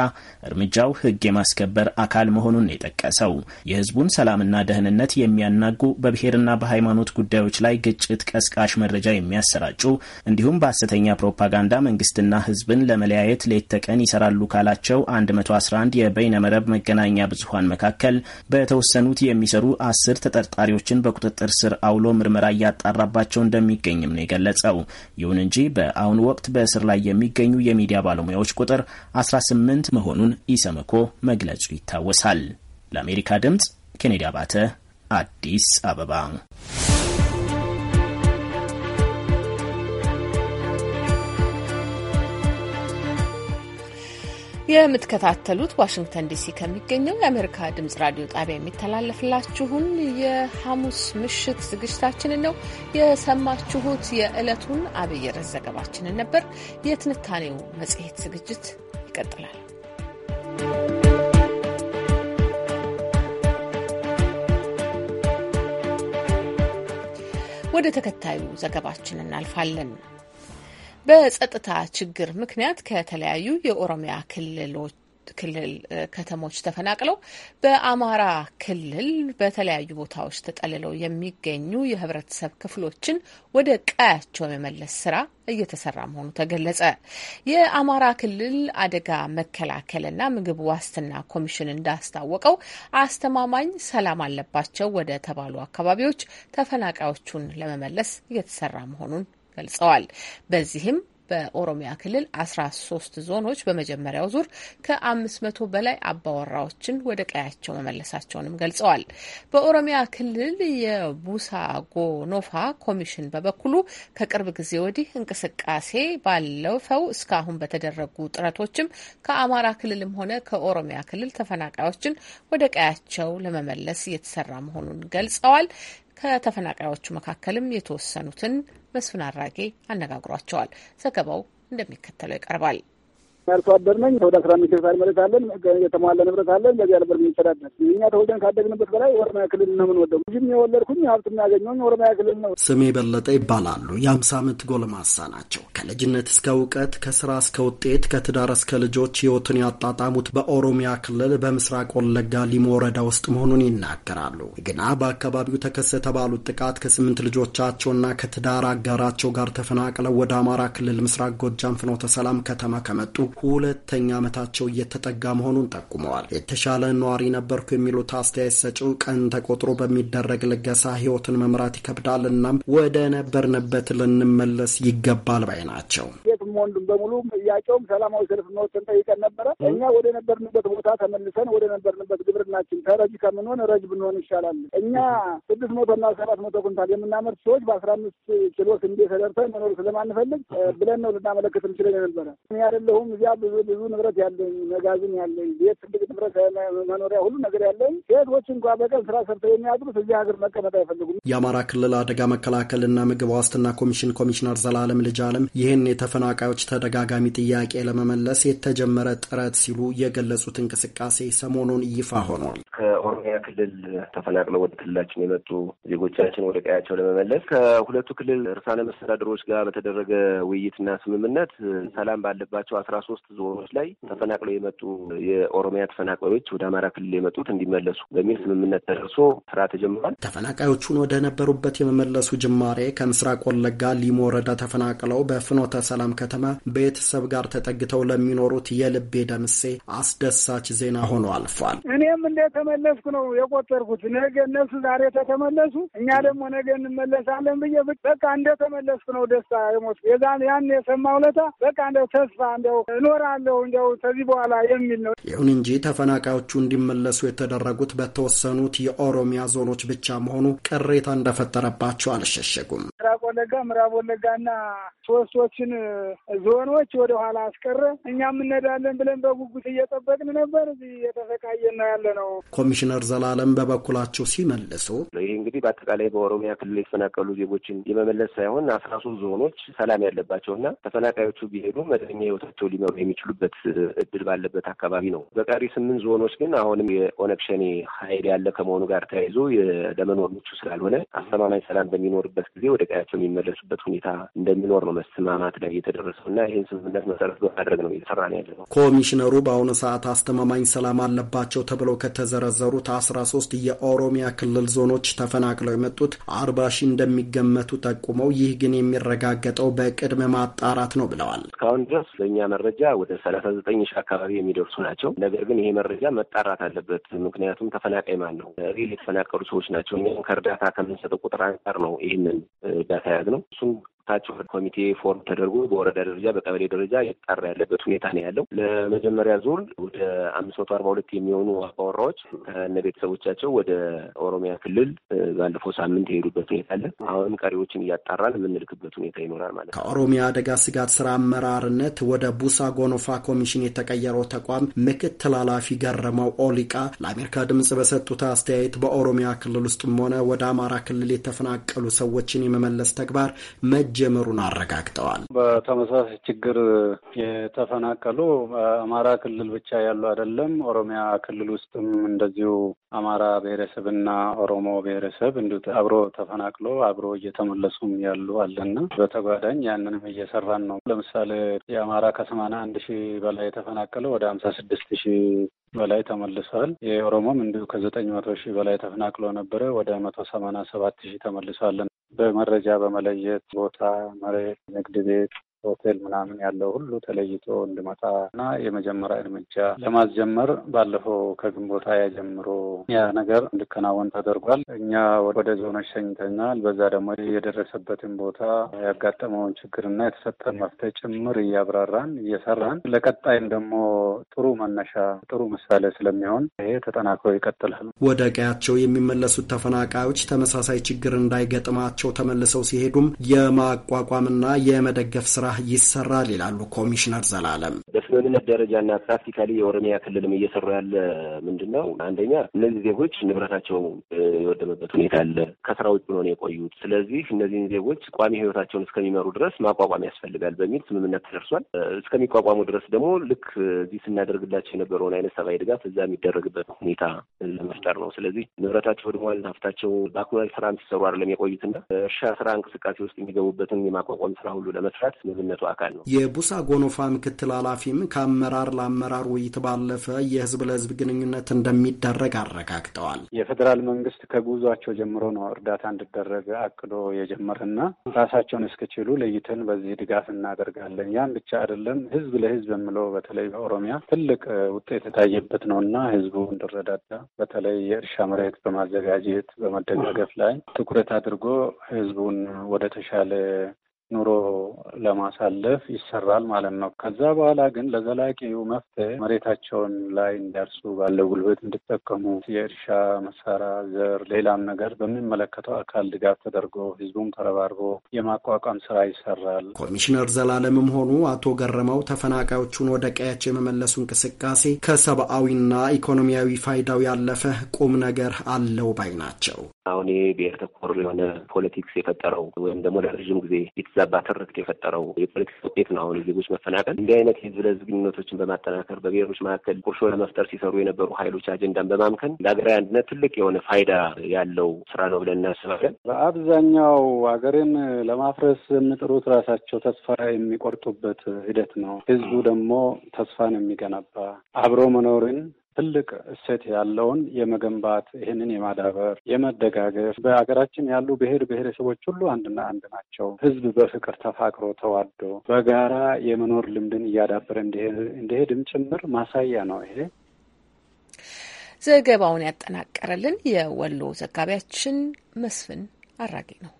እርምጃው ሕግ የማስከበር አካል መሆኑን የጠቀሰው የህዝቡን ሰላምና ደህንነት የሚያና የሚዘጉ በብሔርና በሃይማኖት ጉዳዮች ላይ ግጭት ቀስቃሽ መረጃ የሚያሰራጩ እንዲሁም በሐሰተኛ ፕሮፓጋንዳ መንግስትና ህዝብን ለመለያየት ሌት ተቀን ይሰራሉ ካላቸው 111 የበይነመረብ መገናኛ ብዙሀን መካከል በተወሰኑት የሚሰሩ አስር ተጠርጣሪዎችን በቁጥጥር ስር አውሎ ምርመራ እያጣራባቸው እንደሚገኝም ነው የገለጸው። ይሁን እንጂ በአሁኑ ወቅት በእስር ላይ የሚገኙ የሚዲያ ባለሙያዎች ቁጥር 18 መሆኑን ኢሰመኮ መግለጹ ይታወሳል። ለአሜሪካ ድምፅ ኬኔዲ አባተ አዲስ አበባ። የምትከታተሉት ዋሽንግተን ዲሲ ከሚገኘው የአሜሪካ ድምጽ ራዲዮ ጣቢያ የሚተላለፍላችሁን የሐሙስ ምሽት ዝግጅታችንን ነው የሰማችሁት። የዕለቱን አብይ ርዕስ ዘገባችንን ነበር። የትንታኔው መጽሔት ዝግጅት ይቀጥላል። ወደ ተከታዩ ዘገባችን እናልፋለን። በጸጥታ ችግር ምክንያት ከተለያዩ የኦሮሚያ ክልሎች ክልል ከተሞች ተፈናቅለው በአማራ ክልል በተለያዩ ቦታዎች ተጠልለው የሚገኙ የህብረተሰብ ክፍሎችን ወደ ቀያቸው የመለስ ስራ እየተሰራ መሆኑ ተገለጸ። የአማራ ክልል አደጋ መከላከልና ምግብ ዋስትና ኮሚሽን እንዳስታወቀው አስተማማኝ ሰላም አለባቸው ወደ ተባሉ አካባቢዎች ተፈናቃዮቹን ለመመለስ እየተሰራ መሆኑን ገልጸዋል። በዚህም በኦሮሚያ ክልል 13 ዞኖች በመጀመሪያው ዙር ከ500 በላይ አባወራዎችን ወደ ቀያቸው መመለሳቸውንም ገልጸዋል። በኦሮሚያ ክልል የቡሳ ጎኖፋ ኮሚሽን በበኩሉ ከቅርብ ጊዜ ወዲህ እንቅስቃሴ ባለፈው እስካሁን በተደረጉ ጥረቶችም ከአማራ ክልልም ሆነ ከኦሮሚያ ክልል ተፈናቃዮችን ወደ ቀያቸው ለመመለስ እየተሰራ መሆኑን ገልጸዋል። ከተፈናቃዮቹ መካከልም የተወሰኑትን መስፍን አራጌ አነጋግሯቸዋል። ዘገባው እንደሚከተለው ይቀርባል። ያልሶ አደር ነኝ። ወደ አስራ አምስት ሄክታር መሬት አለን። የተሟላ ንብረት አለን። ለዚያ ነበር የሚተዳደር። እኛ ተወልደን ካደግንበት በላይ ኦሮሚያ ክልል ነው የምንወደው። ልጅም የወለድኩኝ ሀብት የሚያገኘውኝ ኦሮሚያ ክልል ነው። ስሜ በለጠ ይባላሉ። የአምሳ አመት ጎልማሳ ናቸው። ከልጅነት እስከ እውቀት፣ ከስራ እስከ ውጤት፣ ከትዳር እስከ ልጆች ህይወትን ያጣጣሙት በኦሮሚያ ክልል በምስራቅ ወለጋ ሊሞ ወረዳ ውስጥ መሆኑን ይናገራሉ። ግና በአካባቢው ተከሰተ ባሉት ጥቃት ከስምንት ልጆቻቸውና ከትዳር አጋራቸው ጋር ተፈናቅለው ወደ አማራ ክልል ምስራቅ ጎጃም ፍኖተ ሰላም ከተማ ከመጡ ሁለተኛ ዓመታቸው እየተጠጋ መሆኑን ጠቁመዋል። የተሻለ ነዋሪ ነበርኩ የሚሉት አስተያየት ሰጪው ቀን ተቆጥሮ በሚደረግ ልገሳ ህይወትን መምራት ይከብዳል፣ እናም ወደ ነበርንበት ልንመለስ ይገባል ባይ ናቸው። ሴትም ወንዱም በሙሉ ጥያቄውም ሰላማዊ ሰልፍ መወሰን ጠይቀን ነበረ። እኛ ወደ ነበርንበት ቦታ ተመልሰን ወደ ነበርንበት ግብርናችን ተረጅ ከምንሆን ረጅ ብንሆን ይሻላል። እኛ ስድስት መቶና ሰባት መቶ ኩንታል የምናመርት ሰዎች በአስራ አምስት ኪሎ ስንዴ ተደርተን መኖር ስለማንፈልግ ብለን ነው ልናመለክት እንችለን የነበረ እኔ አይደለሁም እዚያ ብዙ ብዙ ንብረት ያለኝ መጋዘን ያለኝ ቤት ትልቅ ንብረት መኖሪያ ሁሉ ነገር ያለኝ ሴቶች እንኳ በቀን ስራ ሰርተው የሚያድሩት እዚህ ሀገር መቀመጥ አይፈልጉም። የአማራ ክልል አደጋ መከላከልና ምግብ ዋስትና ኮሚሽን ኮሚሽነር ዘላለም ልጅ አለም ይህን የተፈናቃዮች ተደጋጋሚ ጥያቄ ለመመለስ የተጀመረ ጥረት ሲሉ የገለጹት እንቅስቃሴ ሰሞኑን ይፋ ሆኗል። ከኦሮሚያ ክልል ተፈናቅለው ወደ ክልላችን የመጡ ዜጎቻችን ወደ ቀያቸው ለመመለስ ከሁለቱ ክልል ርዕሳነ መስተዳድሮች ጋር በተደረገ ውይይትና ስምምነት ሰላም ባለባቸው አስራ ሶስት ዞኖች ላይ ተፈናቅለው የመጡ የኦሮሚያ ተፈናቃዮች ወደ አማራ ክልል የመጡት እንዲመለሱ በሚል ስምምነት ተደርሶ ስራ ተጀምሯል። ተፈናቃዮቹን ወደ ነበሩበት የመመለሱ ጅማሬ ከምስራቅ ወለጋ ሊሞ ወረዳ ተፈናቅለው በፍኖተ ሰላም ከተማ ቤተሰብ ጋር ተጠግተው ለሚኖሩት የልቤ ደምሴ አስደሳች ዜና ሆኖ አልፏል። እኔም እንደተመለስኩ ነው የቆጠርኩት። ነገ እነሱ ዛሬ ተተመለሱ፣ እኛ ደግሞ ነገ እንመለሳለን ብዬ በቃ እንደተመለስኩ ነው ደስታ የሞት የዛን ያን የሰማ ውለታ በቃ እንደው ተስፋ እንደው እኖራለሁ እንደው ከዚህ በኋላ የሚል ነው። ይሁን እንጂ ተፈናቃዮቹ እንዲመለሱ የተደረጉት በተወሰኑት የኦሮሚያ ዞኖች ብቻ መሆኑ ቅሬታ እንደፈጠረባቸው አልሸሸጉም። ምዕራብ ወለጋ፣ ምዕራብ ወለጋና ሶስቶችን ዞኖች ወደኋላ አስቀረ። እኛም እንሄዳለን ብለን በጉጉት እየጠበቅን ነበር። እዚህ የተሰቃየን ነው ያለ ነው ኮሚሽነር ዘላለም በበኩላቸው ሲመልሱ ይህ እንግዲህ በአጠቃላይ በኦሮሚያ ክልል የተፈናቀሉ ዜጎችን የመመለስ ሳይሆን አስራ ሶስት ዞኖች ሰላም ያለባቸው ና ተፈናቃዮቹ ቢሄዱ መደበኛ ህይወታቸው ሊመሩ የሚችሉበት እድል ባለበት አካባቢ ነው። በቀሪ ስምንት ዞኖች ግን አሁንም የኦነግ ሸኔ ኃይል ያለ ከመሆኑ ጋር ተያይዞ ለመኖር ምቹ ስላልሆነ አስተማማኝ ሰላም በሚኖርበት ጊዜ ወደ ቀያቸው የሚመለሱበት ሁኔታ እንደሚኖር ነው መስማማት ላይ የተደረሰው እና ይህን ስምምነት መሰረት በማድረግ ነው እየተሰራ ነው ያለ ነው። ኮሚሽነሩ በአሁኑ ሰዓት አስተማማኝ ሰላም አለባቸው ተብለው ከተዘረዘሩት 13 የኦሮሚያ ክልል ዞኖች ተፈናቅለው የመጡት አርባ ሺህ እንደሚገመቱ ጠቁመው ይህ ግን የሚረጋገጠው በቅድመ ማጣራት ነው ብለዋል። እስካሁን ድረስ ለእኛ መረጃ ወደ ሰላሳ ዘጠኝ ሺህ አካባቢ የሚደርሱ ናቸው። ነገር ግን ይሄ መረጃ መጣራት አለበት። ምክንያቱም ተፈናቃይ ማን ነው ሪል የተፈናቀሉ ሰዎች ናቸው። እኛም ከእርዳታ ከምንሰጠው ቁጥር አንጻር ነው ይህንን ዳታ ያዝ ነው እሱም ታች ኮሚቴ ፎርም ተደርጎ በወረዳ ደረጃ በቀበሌ ደረጃ እየተጣራ ያለበት ሁኔታ ነው ያለው። ለመጀመሪያ ዙር ወደ አምስት መቶ አርባ ሁለት የሚሆኑ አባወራዎች ከነ ቤተሰቦቻቸው ወደ ኦሮሚያ ክልል ባለፈው ሳምንት የሄዱበት ሁኔታ አለ። አሁንም ቀሪዎችን እያጣራን የምንልክበት ሁኔታ ይኖራል ማለት ነው። ከኦሮሚያ አደጋ ስጋት ስራ አመራርነት ወደ ቡሳ ጎኖፋ ኮሚሽን የተቀየረው ተቋም ምክትል ኃላፊ ገረመው ኦሊቃ ለአሜሪካ ድምጽ በሰጡት አስተያየት በኦሮሚያ ክልል ውስጥም ሆነ ወደ አማራ ክልል የተፈናቀሉ ሰዎችን የመመለስ ተግባር መ መጀመሩን አረጋግጠዋል። በተመሳሳይ ችግር የተፈናቀሉ በአማራ ክልል ብቻ ያሉ አይደለም። ኦሮሚያ ክልል ውስጥም እንደዚሁ አማራ ብሔረሰብና ኦሮሞ ብሔረሰብ እንዲሁ አብሮ ተፈናቅሎ አብሮ እየተመለሱም ያሉ አለና በተጓዳኝ ያንንም እየሰራን ነው። ለምሳሌ የአማራ ከሰማንያ አንድ ሺህ በላይ የተፈናቀለው ወደ ሀምሳ ስድስት ሺህ በላይ ተመልሰዋል። የኦሮሞም እንዲሁ ከዘጠኝ መቶ ሺህ በላይ ተፈናቅሎ ነበረ ወደ መቶ ሰማንያ ሰባት ሺህ ተመልሰዋል። በመረጃ በመለየት ቦታ፣ መሬት፣ ንግድ ቤት ሆቴል ምናምን ያለው ሁሉ ተለይቶ እንድመጣ እና የመጀመሪያ እርምጃ ለማስጀመር ባለፈው ከግንቦት ያጀምሮ ጀምሮ ያ ነገር እንዲከናወን ተደርጓል። እኛ ወደ ዞኖች ሸኝተናል። በዛ ደግሞ የደረሰበትን ቦታ ያጋጠመውን ችግርና የተሰጠን መፍትሄ ጭምር እያብራራን እየሰራን ለቀጣይም ደግሞ ጥሩ መነሻ ጥሩ ምሳሌ ስለሚሆን ይሄ ተጠናክሮ ይቀጥላል። ወደ ቀያቸው የሚመለሱት ተፈናቃዮች ተመሳሳይ ችግር እንዳይገጥማቸው ተመልሰው ሲሄዱም የማቋቋምና የመደገፍ ስራ ይሰራል ይላሉ ኮሚሽነር ዘላለም። በስምምነት ደረጃና ፕራክቲካሊ የኦሮሚያ ክልልም እየሰሩ ያለ ምንድን ነው፣ አንደኛ እነዚህ ዜጎች ንብረታቸው የወደመበት ሁኔታ አለ፣ ከስራ ውጭ ነው የቆዩት። ስለዚህ እነዚህን ዜጎች ቋሚ ህይወታቸውን እስከሚመሩ ድረስ ማቋቋም ያስፈልጋል በሚል ስምምነት ተደርሷል። እስከሚቋቋሙ ድረስ ደግሞ ልክ እዚህ ስናደርግላቸው የነበረውን አይነት ሰብአዊ ድጋፍ እዛ የሚደረግበት ሁኔታ ለመፍጠር ነው። ስለዚህ ንብረታቸው ወድሟል፣ ሀብታቸው በአኩላል ስራ ሲሰሩ አይደለም የቆዩትና እርሻ ስራ እንቅስቃሴ ውስጥ የሚገቡበትን የማቋቋም ስራ ሁሉ ለመስራት የስምምነቱ አካል ነው። የቡሳ ጎኖፋ ምክትል ኃላፊም ከአመራር ለአመራር ውይይት ባለፈ የህዝብ ለህዝብ ግንኙነት እንደሚደረግ አረጋግጠዋል። የፌዴራል መንግስት ከጉዟቸው ጀምሮ ነው እርዳታ እንዲደረግ አቅዶ የጀመረና ራሳቸውን እስክችሉ ለይተን በዚህ ድጋፍ እናደርጋለን። ያን ብቻ አይደለም፣ ህዝብ ለህዝብ የምለው በተለይ በኦሮሚያ ትልቅ ውጤት የታየበት ነው እና ህዝቡ እንዲረዳዳ በተለይ የእርሻ መሬት በማዘጋጀት በመደጋገፍ ላይ ትኩረት አድርጎ ህዝቡን ወደ ተሻለ ኑሮ ለማሳለፍ ይሰራል ማለት ነው። ከዛ በኋላ ግን ለዘላቂው መፍትሄ መሬታቸውን ላይ እንዲያርሱ ባለው ጉልበት እንዲጠቀሙ የእርሻ መሳሪያ፣ ዘር፣ ሌላም ነገር በሚመለከተው አካል ድጋፍ ተደርጎ ህዝቡም ተረባርቦ የማቋቋም ስራ ይሰራል። ኮሚሽነር ዘላለምም ሆኑ አቶ ገረመው ተፈናቃዮቹን ወደ ቀያቸው የመመለሱ እንቅስቃሴ ከሰብአዊና ኢኮኖሚያዊ ፋይዳው ያለፈ ቁም ነገር አለው ባይ ናቸው። አሁን ይሄ ብሔር ተኮር የሆነ ፖለቲክስ የፈጠረው ወይም ደግሞ ለረዥም ጊዜ የተዛባ ትርክት የፈጠረው የፖለቲካ ውጤት ነው። አሁን ዜጎች መፈናቀል እንዲህ አይነት የህዝብ ለህዝብ ግንኙነቶችን በማጠናከር በብሔሮች መካከል ቁርሾ ለመፍጠር ሲሰሩ የነበሩ ኃይሎች አጀንዳን በማምከን ለሀገራዊ አንድነት ትልቅ የሆነ ፋይዳ ያለው ስራ ነው ብለን እናስባለን። በአብዛኛው ሀገርን ለማፍረስ የሚጥሩት ራሳቸው ተስፋ የሚቆርጡበት ሂደት ነው። ህዝቡ ደግሞ ተስፋን የሚገነባ አብሮ መኖርን ትልቅ እሴት ያለውን የመገንባት ይህንን የማዳበር የመደጋገፍ በሀገራችን ያሉ ብሔር ብሔረሰቦች ሁሉ አንድና አንድ ናቸው። ህዝብ በፍቅር ተፋቅሮ ተዋዶ በጋራ የመኖር ልምድን እያዳበረ እንዲሄድም ጭምር ማሳያ ነው ይሄ። ዘገባውን ያጠናቀረልን የወሎ ዘጋቢያችን መስፍን አራጌ ነው።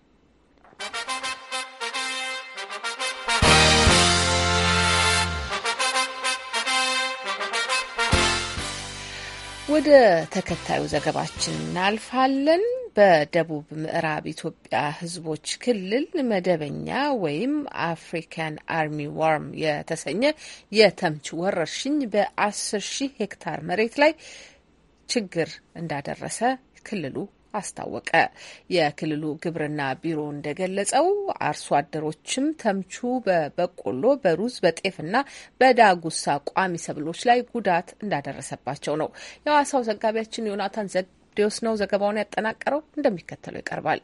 ወደ ተከታዩ ዘገባችን እናልፋለን። በደቡብ ምዕራብ ኢትዮጵያ ሕዝቦች ክልል መደበኛ ወይም አፍሪካን አርሚ ዋርም የተሰኘ የተምች ወረርሽኝ በአስር ሺህ ሄክታር መሬት ላይ ችግር እንዳደረሰ ክልሉ አስታወቀ። የክልሉ ግብርና ቢሮ እንደገለጸው አርሶ አደሮችም ተምቹ በበቆሎ፣ በሩዝ፣ በጤፍና በዳጉሳ ቋሚ ሰብሎች ላይ ጉዳት እንዳደረሰባቸው ነው። የሐዋሳው ዘጋቢያችን ዮናታን ዘዴዎስ ነው ዘገባውን ያጠናቀረው፣ እንደሚከተለው ይቀርባል።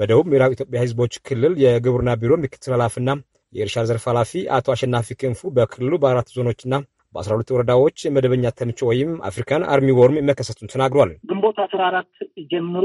በደቡብ ምዕራብ ኢትዮጵያ ሕዝቦች ክልል የግብርና ቢሮ ምክትል ኃላፊና የእርሻ ዘርፍ ኃላፊ አቶ አሸናፊ ክንፉ በክልሉ በአራት ዞኖችና በ12 ወረዳዎች መደበኛ ተምች ወይም አፍሪካን አርሚ ወርም መከሰቱን ተናግሯል። ግንቦት አስራ አራት ጀምሮ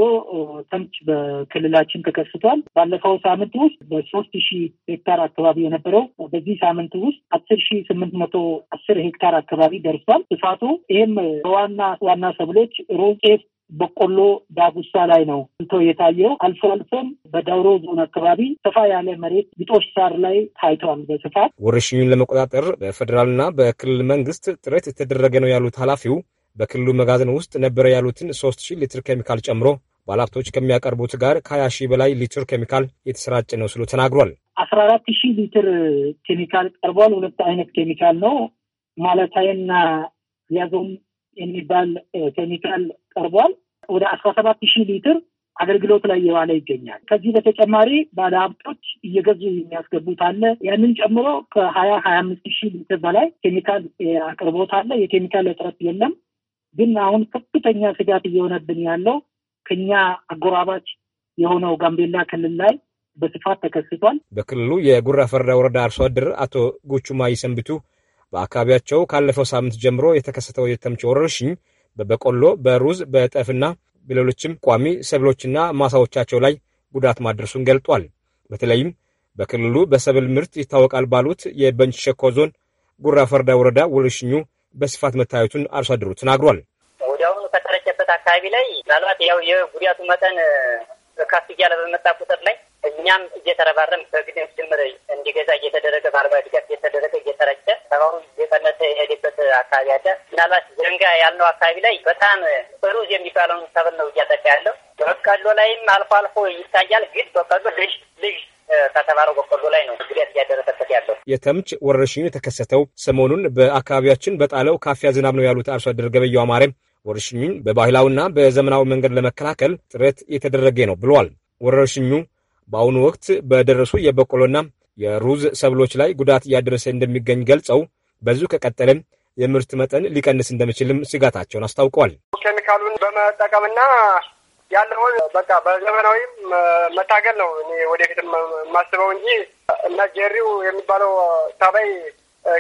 ተምች በክልላችን ተከስቷል። ባለፈው ሳምንት ውስጥ በሶስት ሺህ ሄክታር አካባቢ የነበረው በዚህ ሳምንት ውስጥ አስር ሺህ ስምንት መቶ አስር ሄክታር አካባቢ ደርሷል። እሳቱ ይህም በዋና ዋና ሰብሎች ሩዝ፣ ጤፍ በቆሎ ዳጉሳ ላይ ነው እንቶ የታየው። አልፎ አልፎም በዳውሮ ዞን አካባቢ ሰፋ ያለ መሬት ግጦሽ ሳር ላይ ታይተዋል በስፋት። ወረሽኙን ለመቆጣጠር በፌዴራልና በክልል መንግስት ጥረት የተደረገ ነው ያሉት ኃላፊው በክልሉ መጋዘን ውስጥ ነበረ ያሉትን ሶስት ሺህ ሊትር ኬሚካል ጨምሮ ባለሀብቶች ከሚያቀርቡት ጋር ከሀያ ሺህ በላይ ሊትር ኬሚካል የተሰራጨ ነው ስሎ ተናግሯል። አስራ አራት ሺህ ሊትር ኬሚካል ቀርቧል። ሁለት አይነት ኬሚካል ነው ማለታይና ያዞም የሚባል ኬሚካል ቀርቧል። ወደ አስራ ሰባት ሺህ ሊትር አገልግሎት ላይ የዋለ ይገኛል። ከዚህ በተጨማሪ ባለሀብቶች እየገዙ የሚያስገቡት አለ። ያንን ጨምሮ ከሀያ ሀያ አምስት ሺህ ሊትር በላይ ኬሚካል አቅርቦት አለ። የኬሚካል እጥረት የለም። ግን አሁን ከፍተኛ ስጋት እየሆነብን ያለው ከኛ አጎራባች የሆነው ጋምቤላ ክልል ላይ በስፋት ተከስቷል። በክልሉ የጉራ ፈረዳ ወረዳ አርሶ አደር አቶ ጎቹማ ይሰንብቱ በአካባቢያቸው ካለፈው ሳምንት ጀምሮ የተከሰተው የተምች ወረርሽኝ በበቆሎ፣ በሩዝ፣ በጠፍና በሌሎችም ቋሚ ሰብሎችና ማሳዎቻቸው ላይ ጉዳት ማድረሱን ገልጧል። በተለይም በክልሉ በሰብል ምርት ይታወቃል ባሉት የበንች ሸኮ ዞን ጉራ ፈርዳ ወረዳ ወረርሽኙ በስፋት መታየቱን አርሶ አደሩ ተናግሯል። ወዲያውኑ ከተረጨበት አካባቢ ላይ ምናልባት ያው የጉዳቱ መጠን ከፍ እያለ በመጣ ቁጥር ላይ እኛም እየተረባረም በግድም ጭምር እንዲገዛ እየተደረገ በአርባ ድጋፍ እየተደረገ እየተረጨ ተባሩ እየቀነሰ የሄደበት አካባቢ አለ። ምናልባት ዘንጋ ያልነው አካባቢ ላይ በጣም ሩዝ የሚባለውን ሰብል ነው እያጠቃ ያለው። በቀሎ ላይም አልፎ አልፎ ይታያል። ግን በቀሎ ልጅ ልጅ ከተባረው በቆሎ ላይ ነው ጉዳት እያደረሰበት ያለው። የተምች ወረርሽኙ የተከሰተው ሰሞኑን በአካባቢያችን በጣለው ካፊያ ዝናብ ነው ያሉት አርሶ አደር ገበያው አማሬም ወረርሽኙን በባህላዊና በዘመናዊ መንገድ ለመከላከል ጥረት የተደረገ ነው ብሏል ወረርሽኙ በአሁኑ ወቅት በደረሱ የበቆሎና የሩዝ ሰብሎች ላይ ጉዳት እያደረሰ እንደሚገኝ ገልጸው በዚሁ ከቀጠለም የምርት መጠን ሊቀንስ እንደሚችልም ስጋታቸውን አስታውቀዋል። ኬሚካሉን በመጠቀምና ያለውን በቃ በዘመናዊም መታገል ነው እኔ ወደፊትም የማስበው እንጂ እና ጀሪው የሚባለው ተባይ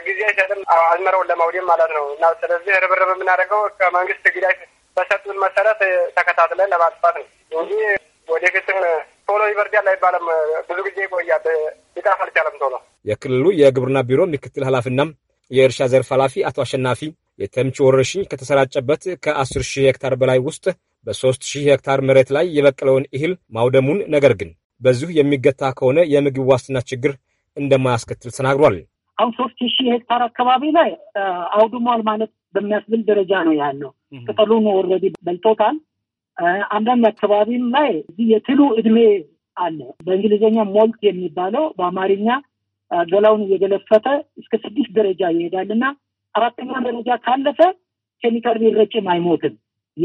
ጊዜ አይሰጥም አዝመራውን ለማውደም ማለት ነው። እና ስለዚህ ርብርብ የምናደርገው ከመንግስት ግዳጅ በሰጡን መሰረት ተከታትለን ለማጥፋት ነው እንጂ ወደፊትም ቶሎ ይበርዳል አይባልም። ብዙ ጊዜ ይቆያል፣ ሊጠፋ አልቻለም ቶሎ። የክልሉ የግብርና ቢሮ ምክትል ኃላፊና የእርሻ ዘርፍ ኃላፊ አቶ አሸናፊ የተምች ወረርሽኝ ከተሰራጨበት ከ10 ሺህ ሄክታር በላይ ውስጥ በ3 ሺህ ሄክታር መሬት ላይ የበቀለውን እህል ማውደሙን፣ ነገር ግን በዚሁ የሚገታ ከሆነ የምግብ ዋስትና ችግር እንደማያስከትል ተናግሯል። አሁን ሶስት ሺህ ሄክታር አካባቢ ላይ አውድሟል ማለት በሚያስብል ደረጃ ነው ያለው። ቅጠሉን ኦልሬዲ በልቶታል። አንዳንድ አካባቢም ላይ የትሉ እድሜ አለ። በእንግሊዝኛ ሞልት የሚባለው በአማርኛ ገላውን እየገለፈተ እስከ ስድስት ደረጃ ይሄዳል እና አራተኛ ደረጃ ካለፈ ኬሚካል ቢረጭም አይሞትም።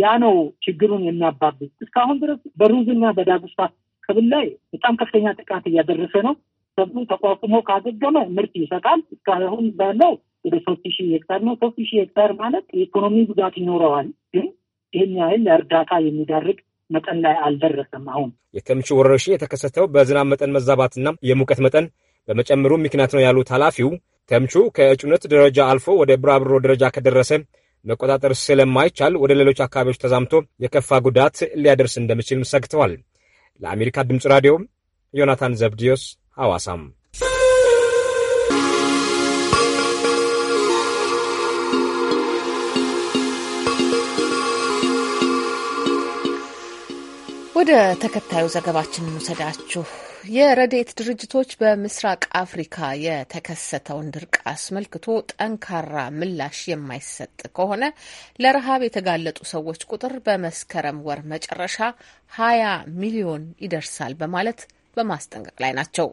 ያ ነው ችግሩን የሚያባብስ። እስካሁን ድረስ በሩዝና በዳጉሳ ክብል ላይ በጣም ከፍተኛ ጥቃት እያደረሰ ነው። ሰብሉ ተቋቁሞ ካገገመ ምርት ይሰጣል። እስካሁን ባለው ወደ ሶስት ሺህ ሄክታር ነው። ሶስት ሺህ ሄክታር ማለት የኢኮኖሚ ጉዳት ይኖረዋል ግን ይህን ያህል ለእርዳታ የሚዳርግ መጠን ላይ አልደረሰም። አሁን የከምች ወረርሽኝ የተከሰተው በዝናብ መጠን መዛባትና የሙቀት መጠን በመጨመሩ ምክንያት ነው ያሉት ኃላፊው፣ ከምቹ ከእጩነት ደረጃ አልፎ ወደ ብራብሮ ደረጃ ከደረሰ መቆጣጠር ስለማይቻል ወደ ሌሎች አካባቢዎች ተዛምቶ የከፋ ጉዳት ሊያደርስ እንደሚችል ሰግተዋል። ለአሜሪካ ድምፅ ራዲዮ ዮናታን ዘብዲዮስ ሐዋሳም ወደ ተከታዩ ዘገባችን እንውሰዳችሁ። የረድኤት ድርጅቶች በምስራቅ አፍሪካ የተከሰተውን ድርቅ አስመልክቶ ጠንካራ ምላሽ የማይሰጥ ከሆነ ለረሃብ የተጋለጡ ሰዎች ቁጥር በመስከረም ወር መጨረሻ ሀያ ሚሊዮን ይደርሳል በማለት በማስጠንቀቅ ላይ ናቸው።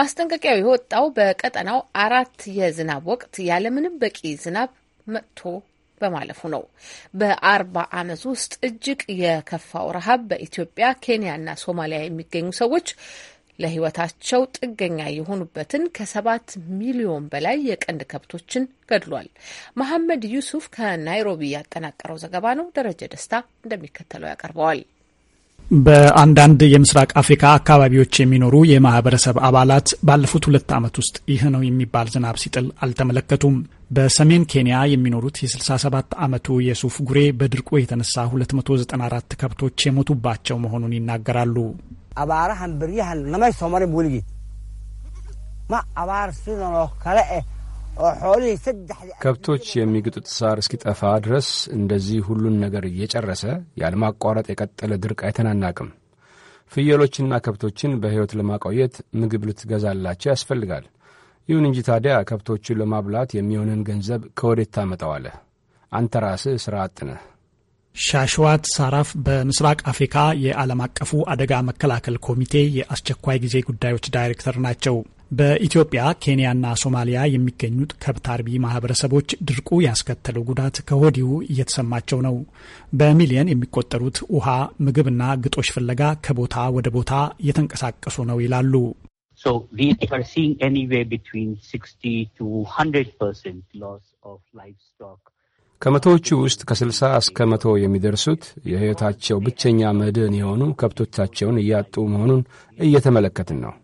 ማስጠንቀቂያው የወጣው በቀጠናው አራት የዝናብ ወቅት ያለምንም በቂ ዝናብ መጥቶ በማለፉ ነው። በአርባ ዓመት ውስጥ እጅግ የከፋው ረሃብ በኢትዮጵያ ኬንያና ሶማሊያ የሚገኙ ሰዎች ለሕይወታቸው ጥገኛ የሆኑበትን ከሰባት ሚሊዮን በላይ የቀንድ ከብቶችን ገድሏል። መሐመድ ዩሱፍ ከናይሮቢ ያጠናቀረው ዘገባ ነው። ደረጀ ደስታ እንደሚከተለው ያቀርበዋል። በአንዳንድ የምስራቅ አፍሪካ አካባቢዎች የሚኖሩ የማህበረሰብ አባላት ባለፉት ሁለት ዓመት ውስጥ ይህ ነው የሚባል ዝናብ ሲጥል አልተመለከቱም። በሰሜን ኬንያ የሚኖሩት የ67 ዓመቱ የሱፍ ጉሬ በድርቁ የተነሳ 294 ከብቶች የሞቱባቸው መሆኑን ይናገራሉ። አባራ ሀንብሪ ሀል ነማይ ሶማሌ ቡልጊ ማ አባር ሲኖ ከለኤ ከብቶች የሚግጡት ሳር እስኪጠፋ ድረስ እንደዚህ ሁሉን ነገር እየጨረሰ ያለማቋረጥ የቀጠለ ድርቅ አይተናናቅም። ፍየሎችና ከብቶችን በሕይወት ለማቆየት ምግብ ልትገዛላቸው ያስፈልጋል። ይሁን እንጂ ታዲያ ከብቶቹን ለማብላት የሚሆንን ገንዘብ ከወዴት ታመጣዋለህ? አንተ ራስህ ሥራ አጥ ሻሽዋት ሳራፍ በምስራቅ አፍሪካ የዓለም አቀፉ አደጋ መከላከል ኮሚቴ የአስቸኳይ ጊዜ ጉዳዮች ዳይሬክተር ናቸው። በኢትዮጵያ ኬንያና ሶማሊያ የሚገኙት ከብት አርቢ ማህበረሰቦች ድርቁ ያስከተለው ጉዳት ከወዲሁ እየተሰማቸው ነው። በሚሊየን የሚቆጠሩት ውሃ፣ ምግብና ግጦሽ ፍለጋ ከቦታ ወደ ቦታ እየተንቀሳቀሱ ነው ይላሉ። ከመቶዎቹ ውስጥ ከ60 እስከ መቶ የሚደርሱት የሕይወታቸው ብቸኛ መድን የሆኑ ከብቶቻቸውን እያጡ መሆኑን እየተመለከትን ነው።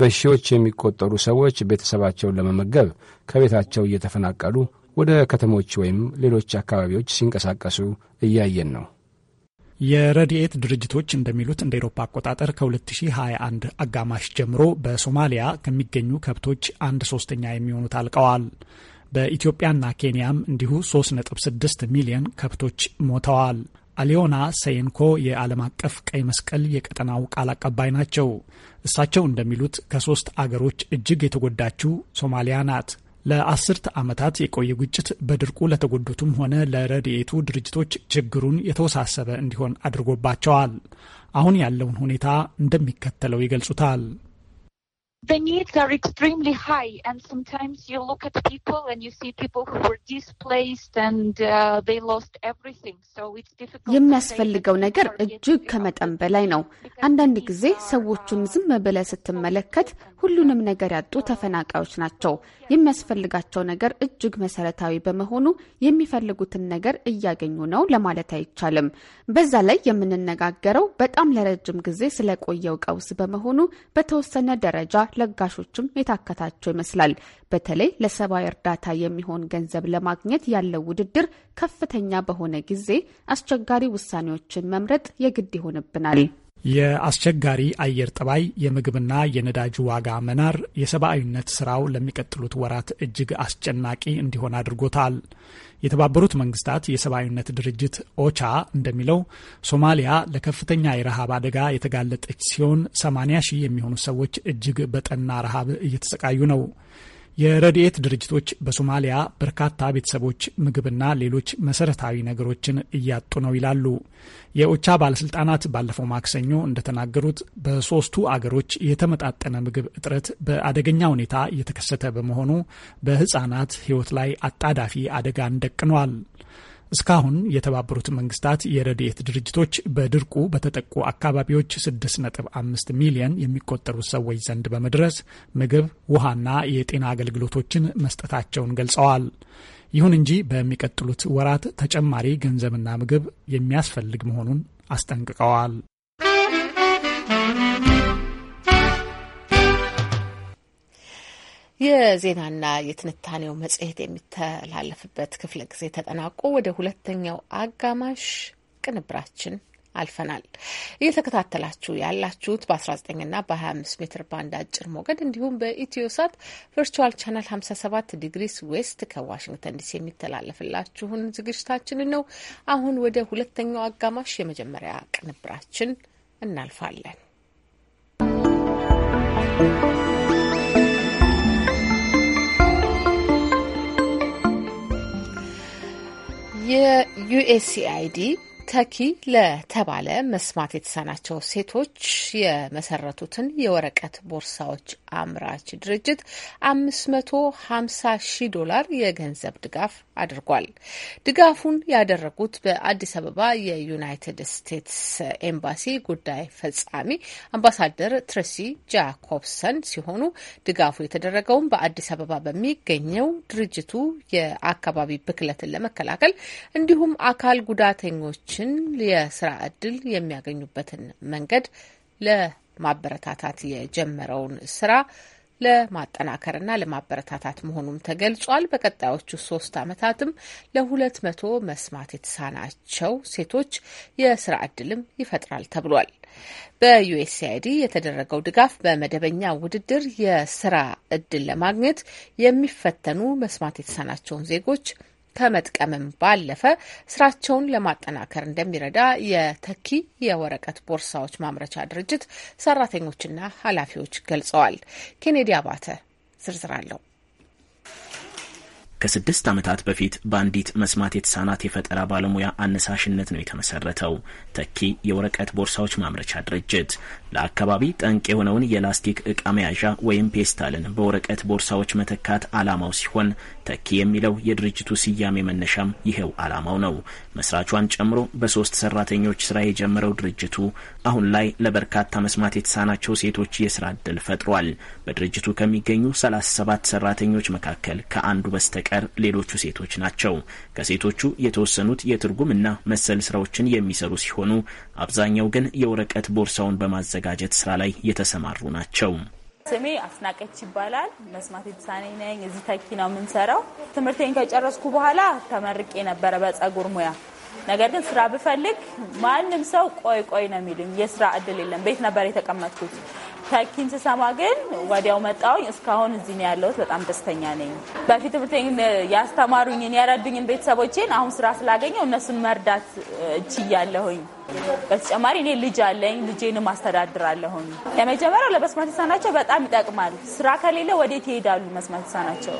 በሺዎች የሚቆጠሩ ሰዎች ቤተሰባቸውን ለመመገብ ከቤታቸው እየተፈናቀሉ ወደ ከተሞች ወይም ሌሎች አካባቢዎች ሲንቀሳቀሱ እያየን ነው። የረድኤት ድርጅቶች እንደሚሉት እንደ ኤሮፓ አቆጣጠር ከ2021 አጋማሽ ጀምሮ በሶማሊያ ከሚገኙ ከብቶች አንድ ሶስተኛ የሚሆኑት አልቀዋል። በኢትዮጵያና ኬንያም እንዲሁ 3.6 ሚሊዮን ከብቶች ሞተዋል። አሊዮና ሰየንኮ የዓለም አቀፍ ቀይ መስቀል የቀጠናው ቃል አቀባይ ናቸው። እሳቸው እንደሚሉት ከሶስት አገሮች እጅግ የተጎዳችው ሶማሊያ ናት። ለአስርተ ዓመታት የቆየ ግጭት በድርቁ ለተጎዱትም ሆነ ለረድኤቱ ድርጅቶች ችግሩን የተወሳሰበ እንዲሆን አድርጎባቸዋል። አሁን ያለውን ሁኔታ እንደሚከተለው ይገልጹታል። The needs are extremely high, and sometimes you look at people and you see people who were displaced and uh, they lost everything. So it's difficult. የሚያስፈልገው ነገር እጅግ ከመጠን በላይ ነው። አንዳንድ ጊዜ ሰዎቹን uh, ዝም ብለህ ስትመለከት ሁሉንም ነገር ያጡ ተፈናቃዮች ናቸው። የሚያስፈልጋቸው ነገር እጅግ መሰረታዊ በመሆኑ የሚፈልጉትን ነገር እያገኙ ነው ለማለት አይቻልም። በዛ ላይ የምንነጋገረው በጣም ለረጅም ጊዜ ስለቆየው ቀውስ በመሆኑ በተወሰነ ደረጃ ለጋሾችም የታከታቸው ይመስላል። በተለይ ለሰብአዊ እርዳታ የሚሆን ገንዘብ ለማግኘት ያለው ውድድር ከፍተኛ በሆነ ጊዜ አስቸጋሪ ውሳኔዎችን መምረጥ የግድ ይሆንብናል። የአስቸጋሪ አየር ጠባይ፣ የምግብና የነዳጅ ዋጋ መናር የሰብአዊነት ስራው ለሚቀጥሉት ወራት እጅግ አስጨናቂ እንዲሆን አድርጎታል። የተባበሩት መንግስታት የሰብአዊነት ድርጅት ኦቻ እንደሚለው ሶማሊያ ለከፍተኛ የረሃብ አደጋ የተጋለጠች ሲሆን 80 ሺህ የሚሆኑ ሰዎች እጅግ በጠና ረሃብ እየተሰቃዩ ነው። የረድኤት ድርጅቶች በሶማሊያ በርካታ ቤተሰቦች ምግብና ሌሎች መሰረታዊ ነገሮችን እያጡ ነው ይላሉ። የኦቻ ባለስልጣናት ባለፈው ማክሰኞ እንደተናገሩት በሶስቱ አገሮች የተመጣጠነ ምግብ እጥረት በአደገኛ ሁኔታ እየተከሰተ በመሆኑ በህጻናት ህይወት ላይ አጣዳፊ አደጋን ደቅነዋል። እስካሁን የተባበሩት መንግስታት የረድኤት ድርጅቶች በድርቁ በተጠቁ አካባቢዎች 6.5 ሚሊየን የሚቆጠሩ ሰዎች ዘንድ በመድረስ ምግብ፣ ውሃና የጤና አገልግሎቶችን መስጠታቸውን ገልጸዋል። ይሁን እንጂ በሚቀጥሉት ወራት ተጨማሪ ገንዘብና ምግብ የሚያስፈልግ መሆኑን አስጠንቅቀዋል። የዜናና የትንታኔው መጽሔት የሚተላለፍበት ክፍለ ጊዜ ተጠናቆ ወደ ሁለተኛው አጋማሽ ቅንብራችን አልፈናል። እየተከታተላችሁ ያላችሁት በ19ና በ25 ሜትር ባንድ አጭር ሞገድ እንዲሁም ሳት ቨርቹዋል ቻናል 57 ዲግሪስ ዌስት ከዋሽንግተን ዲሲ የሚተላለፍላችሁን ዝግጅታችንን ነው። አሁን ወደ ሁለተኛው አጋማሽ የመጀመሪያ ቅንብራችን እናልፋለን። የዩኤስኤአይዲ ተኪ ለተባለ መስማት የተሳናቸው ሴቶች የመሰረቱትን የወረቀት ቦርሳዎች አምራች ድርጅት 550 ሺህ ዶላር የገንዘብ ድጋፍ አድርጓል። ድጋፉን ያደረጉት በአዲስ አበባ የዩናይትድ ስቴትስ ኤምባሲ ጉዳይ ፈጻሚ አምባሳደር ትሬሲ ጃኮብሰን ሲሆኑ ድጋፉ የተደረገውም በአዲስ አበባ በሚገኘው ድርጅቱ የአካባቢ ብክለትን ለመከላከል እንዲሁም አካል ጉዳተኞችን የስራ እድል የሚያገኙበትን መንገድ ለ ማበረታታት የጀመረውን ስራ ለማጠናከርና ለማበረታታት መሆኑም ተገልጿል። በቀጣዮቹ ሶስት አመታትም ለሁለት መቶ መስማት የተሳናቸው ሴቶች የስራ እድልም ይፈጥራል ተብሏል። በዩኤስአይዲ የተደረገው ድጋፍ በመደበኛ ውድድር የስራ እድል ለማግኘት የሚፈተኑ መስማት የተሳናቸውን ዜጎች ከመጥቀምም ባለፈ ስራቸውን ለማጠናከር እንደሚረዳ የተኪ የወረቀት ቦርሳዎች ማምረቻ ድርጅት ሰራተኞችና ኃላፊዎች ገልጸዋል። ኬኔዲ አባተ ዝርዝር አለው። ከስድስት ዓመታት በፊት በአንዲት መስማት የተሳናት የፈጠራ ባለሙያ አነሳሽነት ነው የተመሰረተው ተኪ የወረቀት ቦርሳዎች ማምረቻ ድርጅት። ለአካባቢ ጠንቅ የሆነውን የላስቲክ ዕቃ መያዣ ወይም ፔስታልን በወረቀት ቦርሳዎች መተካት ዓላማው ሲሆን ተኪ የሚለው የድርጅቱ ስያሜ መነሻም ይኸው ዓላማው ነው። መስራቿን ጨምሮ በሶስት ሰራተኞች ስራ የጀመረው ድርጅቱ አሁን ላይ ለበርካታ መስማት የተሳናቸው ሴቶች የስራ ዕድል ፈጥሯል። በድርጅቱ ከሚገኙ 37 ሰራተኞች መካከል ከአንዱ በስተቀር ሌሎቹ ሴቶች ናቸው። ከሴቶቹ የተወሰኑት የትርጉምና መሰል ስራዎችን የሚሰሩ ሲሆኑ አብዛኛው ግን የወረቀት ቦርሳውን በማዘጋጀት ስራ ላይ የተሰማሩ ናቸው። ስሜ አስናቀች ይባላል። መስማት የተሳነኝ ነኝ። እዚህ ተኪ ነው የምንሰራው። ትምህርቴን ከጨረስኩ በኋላ ተመርቄ ነበረ በጸጉር ሙያ ነገር ግን ስራ ብፈልግ ማንም ሰው ቆይ ቆይ ነው የሚሉኝ። የስራ እድል የለም። ቤት ነበር የተቀመጥኩት። ተኪን ስሰማ ግን ወዲያው መጣውኝ። እስካሁን እዚህ ነው ያለሁት። በጣም ደስተኛ ነኝ። በፊት ትምህርቴን ያስተማሩኝን ያረዱኝን ቤተሰቦቼን አሁን ስራ ስላገኘው እነሱን መርዳት እችያለሁኝ። በተጨማሪ እኔ ልጅ አለኝ፣ ልጄንም አስተዳድራለሁኝ። የመጀመሪያው ለመስማት የተሳናቸው በጣም ይጠቅማል። ስራ ከሌለ ወዴት ይሄዳሉ? መስማት የተሳናቸው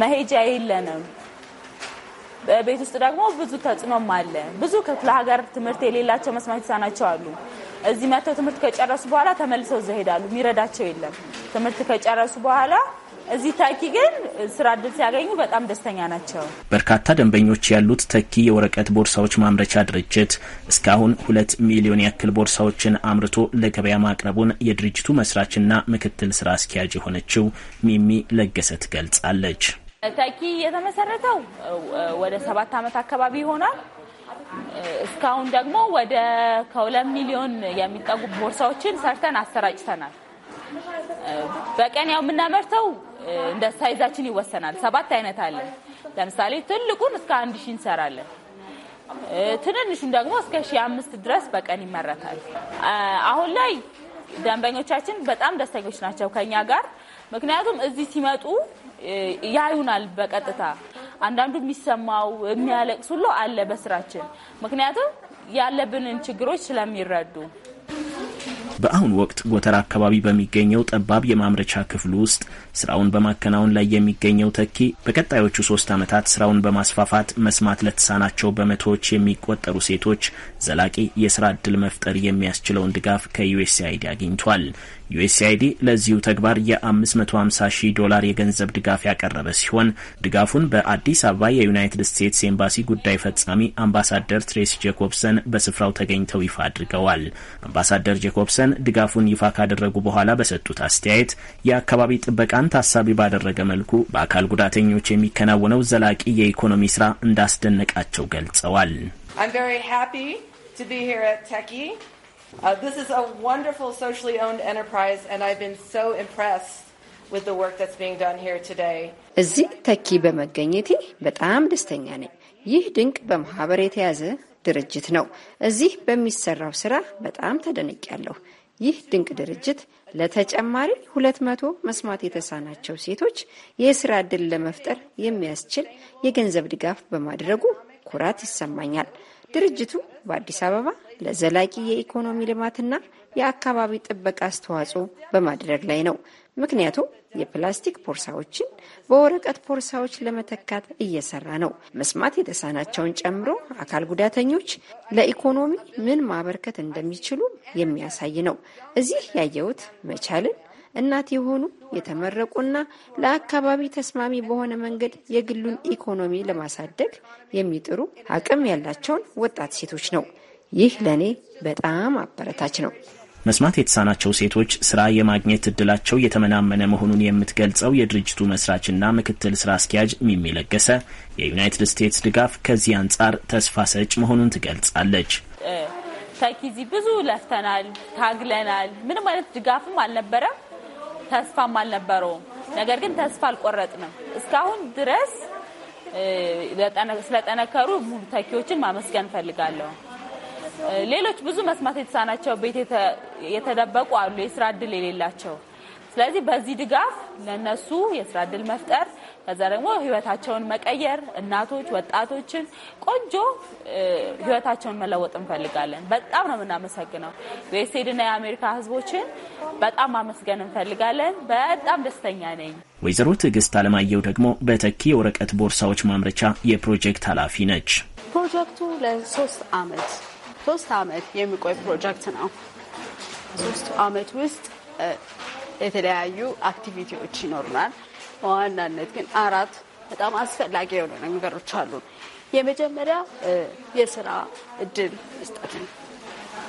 መሄጃ የለንም። ቤት ውስጥ ደግሞ ብዙ ተጽዕኖም አለ። ብዙ ከክፍለ ሀገር ትምህርት የሌላቸው መስማት ይሳናቸው አሉ። እዚህ መጥተው ትምህርት ከጨረሱ በኋላ ተመልሰው እዛ የሚረዳቸው የለም። ትምህርት ከጨረሱ በኋላ እዚህ ተኪ ግን ስራ እድል ሲያገኙ በጣም ደስተኛ ናቸው። በርካታ ደንበኞች ያሉት ተኪ የወረቀት ቦርሳዎች ማምረቻ ድርጅት እስካሁን ሁለት ሚሊዮን ያክል ቦርሳዎችን አምርቶ ለገበያ ማቅረቡን የድርጅቱ መስራችና ምክትል ስራ አስኪያጅ የሆነችው ሚሚ ለገሰ ትገልጻለች። ተኪ የተመሰረተው ወደ ሰባት ዓመት አካባቢ ይሆናል። እስካሁን ደግሞ ወደ ከሁለት ሚሊዮን የሚጠጉ ቦርሳዎችን ሰርተን አሰራጭተናል። በቀን ያው የምናመርተው እንደ ሳይዛችን ይወሰናል። ሰባት አይነት አለ። ለምሳሌ ትልቁን እስከ አንድ ሺህ እንሰራለን። ትንንሹን ደግሞ እስከ ሺ አምስት ድረስ በቀን ይመረታል። አሁን ላይ ደንበኞቻችን በጣም ደስተኞች ናቸው ከኛ ጋር ምክንያቱም እዚህ ሲመጡ ያዩናል በቀጥታ አንዳንዱ የሚሰማው የሚያለቅስ ሁሉ አለ በስራችን ምክንያቱም ያለብንን ችግሮች ስለሚረዱ በአሁኑ ወቅት ጎተራ አካባቢ በሚገኘው ጠባብ የማምረቻ ክፍል ውስጥ ስራውን በማከናወን ላይ የሚገኘው ተኪ በቀጣዮቹ ሶስት ዓመታት ስራውን በማስፋፋት መስማት ለተሳናቸው በመቶዎች የሚቆጠሩ ሴቶች ዘላቂ የስራ ዕድል መፍጠር የሚያስችለውን ድጋፍ ከዩኤስአይዲ አግኝቷል። ዩኤስአይዲ ለዚሁ ተግባር የ550 ሺህ ዶላር የገንዘብ ድጋፍ ያቀረበ ሲሆን ድጋፉን በአዲስ አበባ የዩናይትድ ስቴትስ ኤምባሲ ጉዳይ ፈጻሚ አምባሳደር ትሬስ ጄኮብሰን በስፍራው ተገኝተው ይፋ አድርገዋል። አምባሳደር ጄኮብሰን ድጋፉን ይፋ ካደረጉ በኋላ በሰጡት አስተያየት የአካባቢ ጥበቃን እነዚያን ታሳቢ ባደረገ መልኩ በአካል ጉዳተኞች የሚከናወነው ዘላቂ የኢኮኖሚ ስራ እንዳስደነቃቸው ገልጸዋል። uh, እዚህ ተኪ በመገኘቴ በጣም ደስተኛ ነኝ። ይህ ድንቅ በማህበር የተያዘ ድርጅት ነው። እዚህ በሚሰራው ስራ በጣም ያለሁ ይህ ድንቅ ድርጅት ለተጨማሪ 200 መስማት የተሳናቸው ሴቶች የስራ እድል ለመፍጠር የሚያስችል የገንዘብ ድጋፍ በማድረጉ ኩራት ይሰማኛል። ድርጅቱ በአዲስ አበባ ለዘላቂ የኢኮኖሚ ልማትና የአካባቢ ጥበቃ አስተዋጽኦ በማድረግ ላይ ነው። ምክንያቱም የፕላስቲክ ቦርሳዎችን በወረቀት ቦርሳዎች ለመተካት እየሰራ ነው። መስማት የተሳናቸውን ጨምሮ አካል ጉዳተኞች ለኢኮኖሚ ምን ማበርከት እንደሚችሉ የሚያሳይ ነው። እዚህ ያየሁት መቻልን እናት የሆኑ የተመረቁና ለአካባቢ ተስማሚ በሆነ መንገድ የግሉን ኢኮኖሚ ለማሳደግ የሚጥሩ አቅም ያላቸውን ወጣት ሴቶች ነው። ይህ ለእኔ በጣም አበረታች ነው። መስማት የተሳናቸው ሴቶች ስራ የማግኘት እድላቸው የተመናመነ መሆኑን የምትገልጸው የድርጅቱ መስራችና ምክትል ስራ አስኪያጅ ሚሚ ለገሰ የዩናይትድ ስቴትስ ድጋፍ ከዚህ አንጻር ተስፋ ሰጭ መሆኑን ትገልጻለች። ተኪዚ ብዙ ለፍተናል፣ ታግለናል። ምንም አይነት ድጋፍም አልነበረም ተስፋም አልነበረውም። ነገር ግን ተስፋ አልቆረጥንም። እስካሁን ድረስ ስለጠነከሩ ሙሉ ተኪዎችን ማመስገን ፈልጋለሁ። ሌሎች ብዙ መስማት የተሳናቸው ቤት የተደበቁ አሉ፣ የስራ እድል የሌላቸው ስለዚህ በዚህ ድጋፍ ለነሱ የስራ እድል መፍጠር ከዛ ደግሞ ህይወታቸውን መቀየር እናቶች፣ ወጣቶችን ቆንጆ ህይወታቸውን መለወጥ እንፈልጋለን። በጣም ነው የምናመሰግነው ዩኤስኤድና የአሜሪካ ህዝቦችን በጣም ማመስገን እንፈልጋለን። በጣም ደስተኛ ነኝ። ወይዘሮ ትዕግስት አለማየሁ ደግሞ በተኪ የወረቀት ቦርሳዎች ማምረቻ የፕሮጀክት ኃላፊ ነች። ፕሮጀክቱ ለሶስት አመት ሶስት አመት የሚቆይ ፕሮጀክት ነው። ሶስት አመት ውስጥ የተለያዩ አክቲቪቲዎች ይኖሩናል። በዋናነት ግን አራት በጣም አስፈላጊ የሆኑ ነገሮች አሉ። የመጀመሪያ የስራ እድል መስጠት ነው።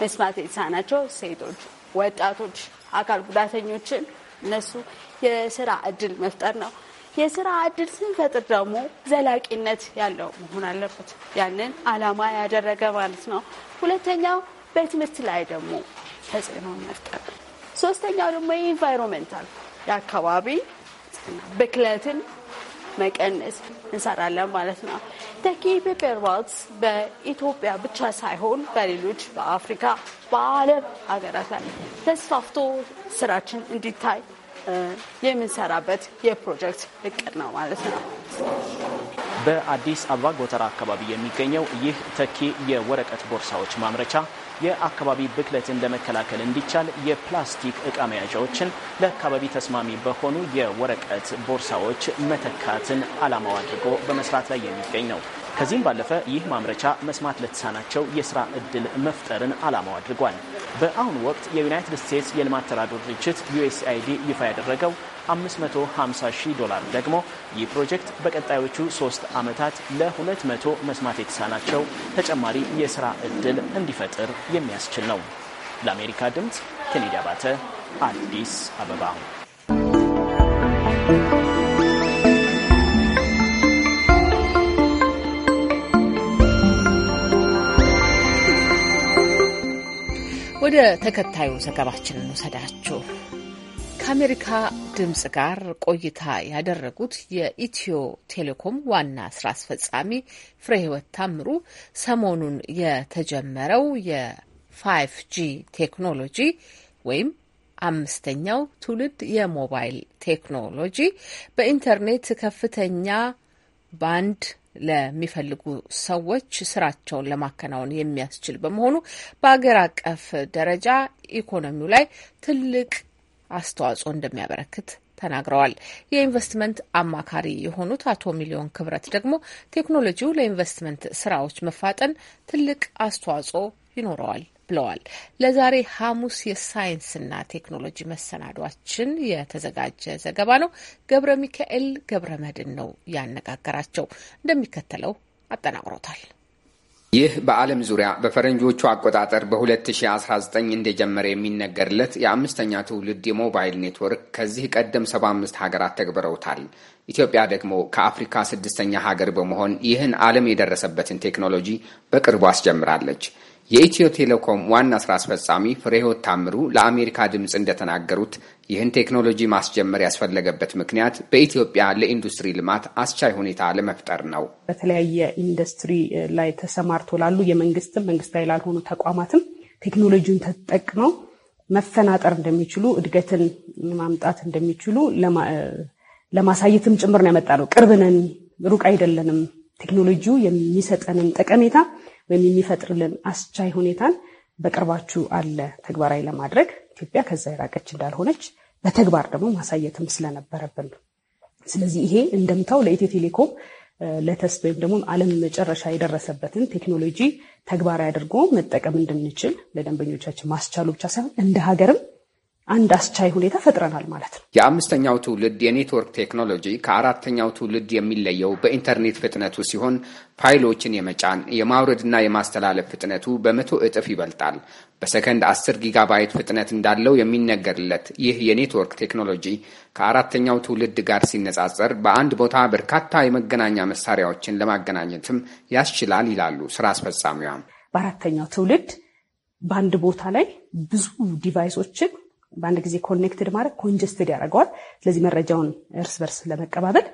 መስማት የተሳናቸው ሴቶች፣ ወጣቶች፣ አካል ጉዳተኞችን እነሱ የስራ እድል መፍጠር ነው። የስራ እድል ስንፈጥር ደግሞ ዘላቂነት ያለው መሆን አለበት። ያንን አላማ ያደረገ ማለት ነው። ሁለተኛው በትምህርት ላይ ደግሞ ተጽዕኖ መፍጠር ሶስተኛው ደግሞ የኢንቫይሮንመንታል የአካባቢ ብክለትን መቀነስ እንሰራለን ማለት ነው። ተኪ ፔፐር በኢትዮጵያ ብቻ ሳይሆን በሌሎች በአፍሪካ በዓለም ሀገራት ላይ ተስፋፍቶ ስራችን እንዲታይ የምንሰራበት የፕሮጀክት እቅድ ነው ማለት ነው። በአዲስ አበባ ጎተራ አካባቢ የሚገኘው ይህ ተኪ የወረቀት ቦርሳዎች ማምረቻ የአካባቢ ብክለትን ለመከላከል እንዲቻል የፕላስቲክ እቃ መያዣዎችን ለአካባቢ ተስማሚ በሆኑ የወረቀት ቦርሳዎች መተካትን ዓላማው አድርጎ በመስራት ላይ የሚገኝ ነው። ከዚህም ባለፈ ይህ ማምረቻ መስማት ለተሳናቸው የስራ እድል መፍጠርን ዓላማው አድርጓል። በአሁኑ ወቅት የዩናይትድ ስቴትስ የልማት ተራድኦ ድርጅት ዩኤስአይዲ ይፋ ያደረገው 550 ሺህ ዶላር ደግሞ ይህ ፕሮጀክት በቀጣዮቹ ሶስት ዓመታት ለ200 መስማት የተሳናቸው ተጨማሪ የስራ ዕድል እንዲፈጥር የሚያስችል ነው። ለአሜሪካ ድምፅ ኬኔዲ አባተ አዲስ አበባ። ወደ ተከታዩ ዘገባችን እንውሰዳችሁ። ከአሜሪካ ድምጽ ጋር ቆይታ ያደረጉት የኢትዮ ቴሌኮም ዋና ስራ አስፈጻሚ ፍሬ ህይወት ታምሩ ሰሞኑን የተጀመረው የፋይቭ ጂ ቴክኖሎጂ ወይም አምስተኛው ትውልድ የሞባይል ቴክኖሎጂ በኢንተርኔት ከፍተኛ ባንድ ለሚፈልጉ ሰዎች ስራቸውን ለማከናወን የሚያስችል በመሆኑ በአገር አቀፍ ደረጃ ኢኮኖሚው ላይ ትልቅ አስተዋጽኦ እንደሚያበረክት ተናግረዋል። የኢንቨስትመንት አማካሪ የሆኑት አቶ ሚሊዮን ክብረት ደግሞ ቴክኖሎጂው ለኢንቨስትመንት ስራዎች መፋጠን ትልቅ አስተዋጽኦ ይኖረዋል ብለዋል። ለዛሬ ሐሙስ የሳይንስና ቴክኖሎጂ መሰናዷችን የተዘጋጀ ዘገባ ነው። ገብረ ሚካኤል ገብረ መድን ነው ያነጋገራቸው፣ እንደሚከተለው አጠናቅሮታል። ይህ በዓለም ዙሪያ በፈረንጆቹ አቆጣጠር በ2019 እንደጀመረ የሚነገርለት የአምስተኛ ትውልድ የሞባይል ኔትወርክ ከዚህ ቀደም 75 ሀገራት ተግብረውታል። ኢትዮጵያ ደግሞ ከአፍሪካ ስድስተኛ ሀገር በመሆን ይህን ዓለም የደረሰበትን ቴክኖሎጂ በቅርቡ አስጀምራለች። የኢትዮ ቴሌኮም ዋና ስራ አስፈጻሚ ፍሬህይወት ታምሩ ለአሜሪካ ድምፅ እንደተናገሩት ይህን ቴክኖሎጂ ማስጀመር ያስፈለገበት ምክንያት በኢትዮጵያ ለኢንዱስትሪ ልማት አስቻይ ሁኔታ ለመፍጠር ነው። በተለያየ ኢንዱስትሪ ላይ ተሰማርቶ ላሉ የመንግስትም መንግስታዊ ላልሆኑ ተቋማትም ቴክኖሎጂን ተጠቅመው መፈናጠር እንደሚችሉ እድገትን ማምጣት እንደሚችሉ ለማሳየትም ጭምር ነው ያመጣ ነው። ቅርብ ነን፣ ሩቅ አይደለንም። ቴክኖሎጂው የሚሰጠንን ጠቀሜታ ወይም የሚፈጥርልን አስቻይ ሁኔታን በቅርባችሁ አለ ተግባራዊ ለማድረግ ኢትዮጵያ ከዛ የራቀች እንዳልሆነች በተግባር ደግሞ ማሳየትም ስለነበረብን ስለዚህ ይሄ እንደምታው ለኢትዮ ቴሌኮም ለተስት ወይም ደግሞ ዓለም መጨረሻ የደረሰበትን ቴክኖሎጂ ተግባራዊ አድርጎ መጠቀም እንድንችል ለደንበኞቻችን ማስቻሉ ብቻ ሳይሆን እንደ ሀገርም አንድ አስቻይ ሁኔታ ፈጥረናል ማለት ነው። የአምስተኛው ትውልድ የኔትወርክ ቴክኖሎጂ ከአራተኛው ትውልድ የሚለየው በኢንተርኔት ፍጥነቱ ሲሆን ፋይሎችን የመጫን የማውረድና የማስተላለፍ ፍጥነቱ በመቶ እጥፍ ይበልጣል። በሰከንድ 10 ጊጋባይት ፍጥነት እንዳለው የሚነገርለት ይህ የኔትወርክ ቴክኖሎጂ ከአራተኛው ትውልድ ጋር ሲነጻጸር በአንድ ቦታ በርካታ የመገናኛ መሳሪያዎችን ለማገናኘትም ያስችላል ይላሉ ስራ አስፈጻሚዋም። በአራተኛው ትውልድ በአንድ ቦታ ላይ ብዙ ዲቫይሶችን በአንድ ጊዜ ኮኔክትድ ማድረግ ኮንጀስትድ ያደርገዋል። ስለዚህ መረጃውን እርስ በርስ ለመቀባበል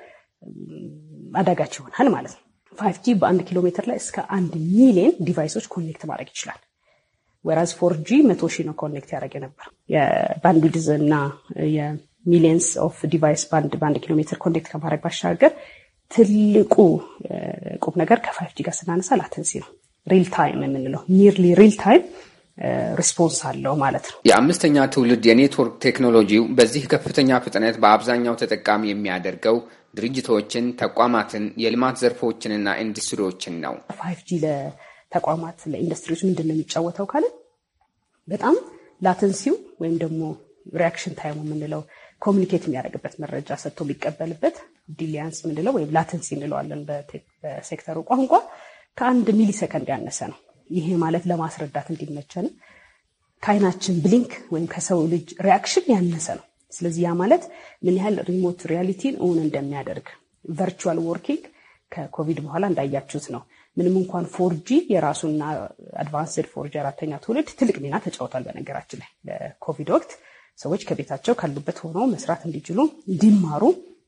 አዳጋች ይሆናል ማለት ነው። ፋይቭ ጂ በአንድ ኪሎ ሜትር ላይ እስከ አንድ ሚሊየን ዲቫይሶች ኮኔክት ማድረግ ይችላል። ወራዝ ፎር ጂ መቶ ሺህ ነው ኮኔክት ያደረገ ነበር። የባንድዊድዝ እና የሚሊየንስ ኦፍ ዲቫይስ በአንድ ኪሎ ሜትር ኮኔክት ከማድረግ ባሻገር ትልቁ ቁም ነገር ከፋይቭ ጂ ጋር ስናነሳ ላተንሲ ነው። ሪል ታይም የምንለው ኒርሊ ሪል ታይም ሪስፖንስ አለው ማለት ነው። የአምስተኛ ትውልድ የኔትወርክ ቴክኖሎጂው በዚህ ከፍተኛ ፍጥነት በአብዛኛው ተጠቃሚ የሚያደርገው ድርጅቶችን፣ ተቋማትን፣ የልማት ዘርፎችንና ኢንዱስትሪዎችን ነው። ፋይቭ ጂ ለተቋማት ለኢንዱስትሪዎች ምንድን ነው የሚጫወተው ካለ በጣም ላተንሲው ወይም ደግሞ ሪያክሽን ታይሙ የምንለው ኮሚኒኬት የሚያደርግበት መረጃ ሰጥቶ የሚቀበልበት ዲሊያንስ ምንለው ወይም ላተንሲ እንለዋለን በሴክተሩ ቋንቋ ከአንድ ሚሊ ሰከንድ ያነሰ ነው። ይሄ ማለት ለማስረዳት እንዲመቸን ከአይናችን ብሊንክ ወይም ከሰው ልጅ ሪያክሽን ያነሰ ነው። ስለዚህ ያ ማለት ምን ያህል ሪሞት ሪያሊቲን እውን እንደሚያደርግ ቨርቹዋል ወርኪንግ ከኮቪድ በኋላ እንዳያችሁት ነው። ምንም እንኳን ፎርጂ የራሱና አድቫንስድ ፎርጂ አራተኛ ትውልድ ትልቅ ሚና ተጫውቷል። በነገራችን ላይ ለኮቪድ ወቅት ሰዎች ከቤታቸው ካሉበት ሆነው መስራት እንዲችሉ እንዲማሩ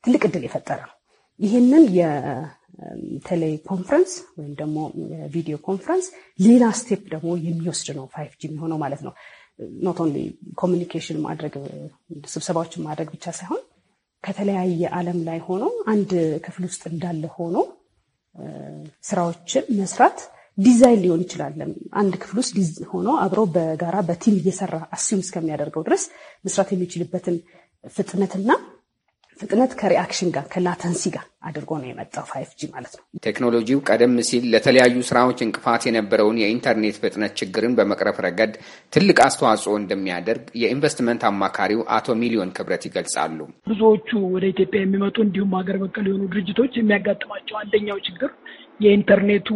ትልቅ እድል የፈጠረ ነው። ይህንን ቴሌ ኮንፈረንስ ወይም ደግሞ ቪዲዮ ኮንፈረንስ ሌላ ስቴፕ ደግሞ የሚወስድ ነው ፋይቭ ጂ የሚሆነው ማለት ነው። ኖት ኦንሊ ኮሚኒኬሽን ማድረግ ስብሰባዎችን ማድረግ ብቻ ሳይሆን ከተለያየ ዓለም ላይ ሆኖ አንድ ክፍል ውስጥ እንዳለ ሆኖ ስራዎችን መስራት ዲዛይን ሊሆን ይችላል። አንድ ክፍል ውስጥ ሆኖ አብሮ በጋራ በቲም እየሰራ አሲም እስከሚያደርገው ድረስ መስራት የሚችልበትን ፍጥነትና ፍጥነት ከሪአክሽን ጋር ከላተንሲ ጋር አድርጎ ነው የመጣው ፋይፍ ጂ ማለት ነው። ቴክኖሎጂው ቀደም ሲል ለተለያዩ ስራዎች እንቅፋት የነበረውን የኢንተርኔት ፍጥነት ችግርን በመቅረፍ ረገድ ትልቅ አስተዋጽኦ እንደሚያደርግ የኢንቨስትመንት አማካሪው አቶ ሚሊዮን ክብረት ይገልጻሉ። ብዙዎቹ ወደ ኢትዮጵያ የሚመጡ እንዲሁም ሀገር በቀል የሆኑ ድርጅቶች የሚያጋጥማቸው አንደኛው ችግር የኢንተርኔቱ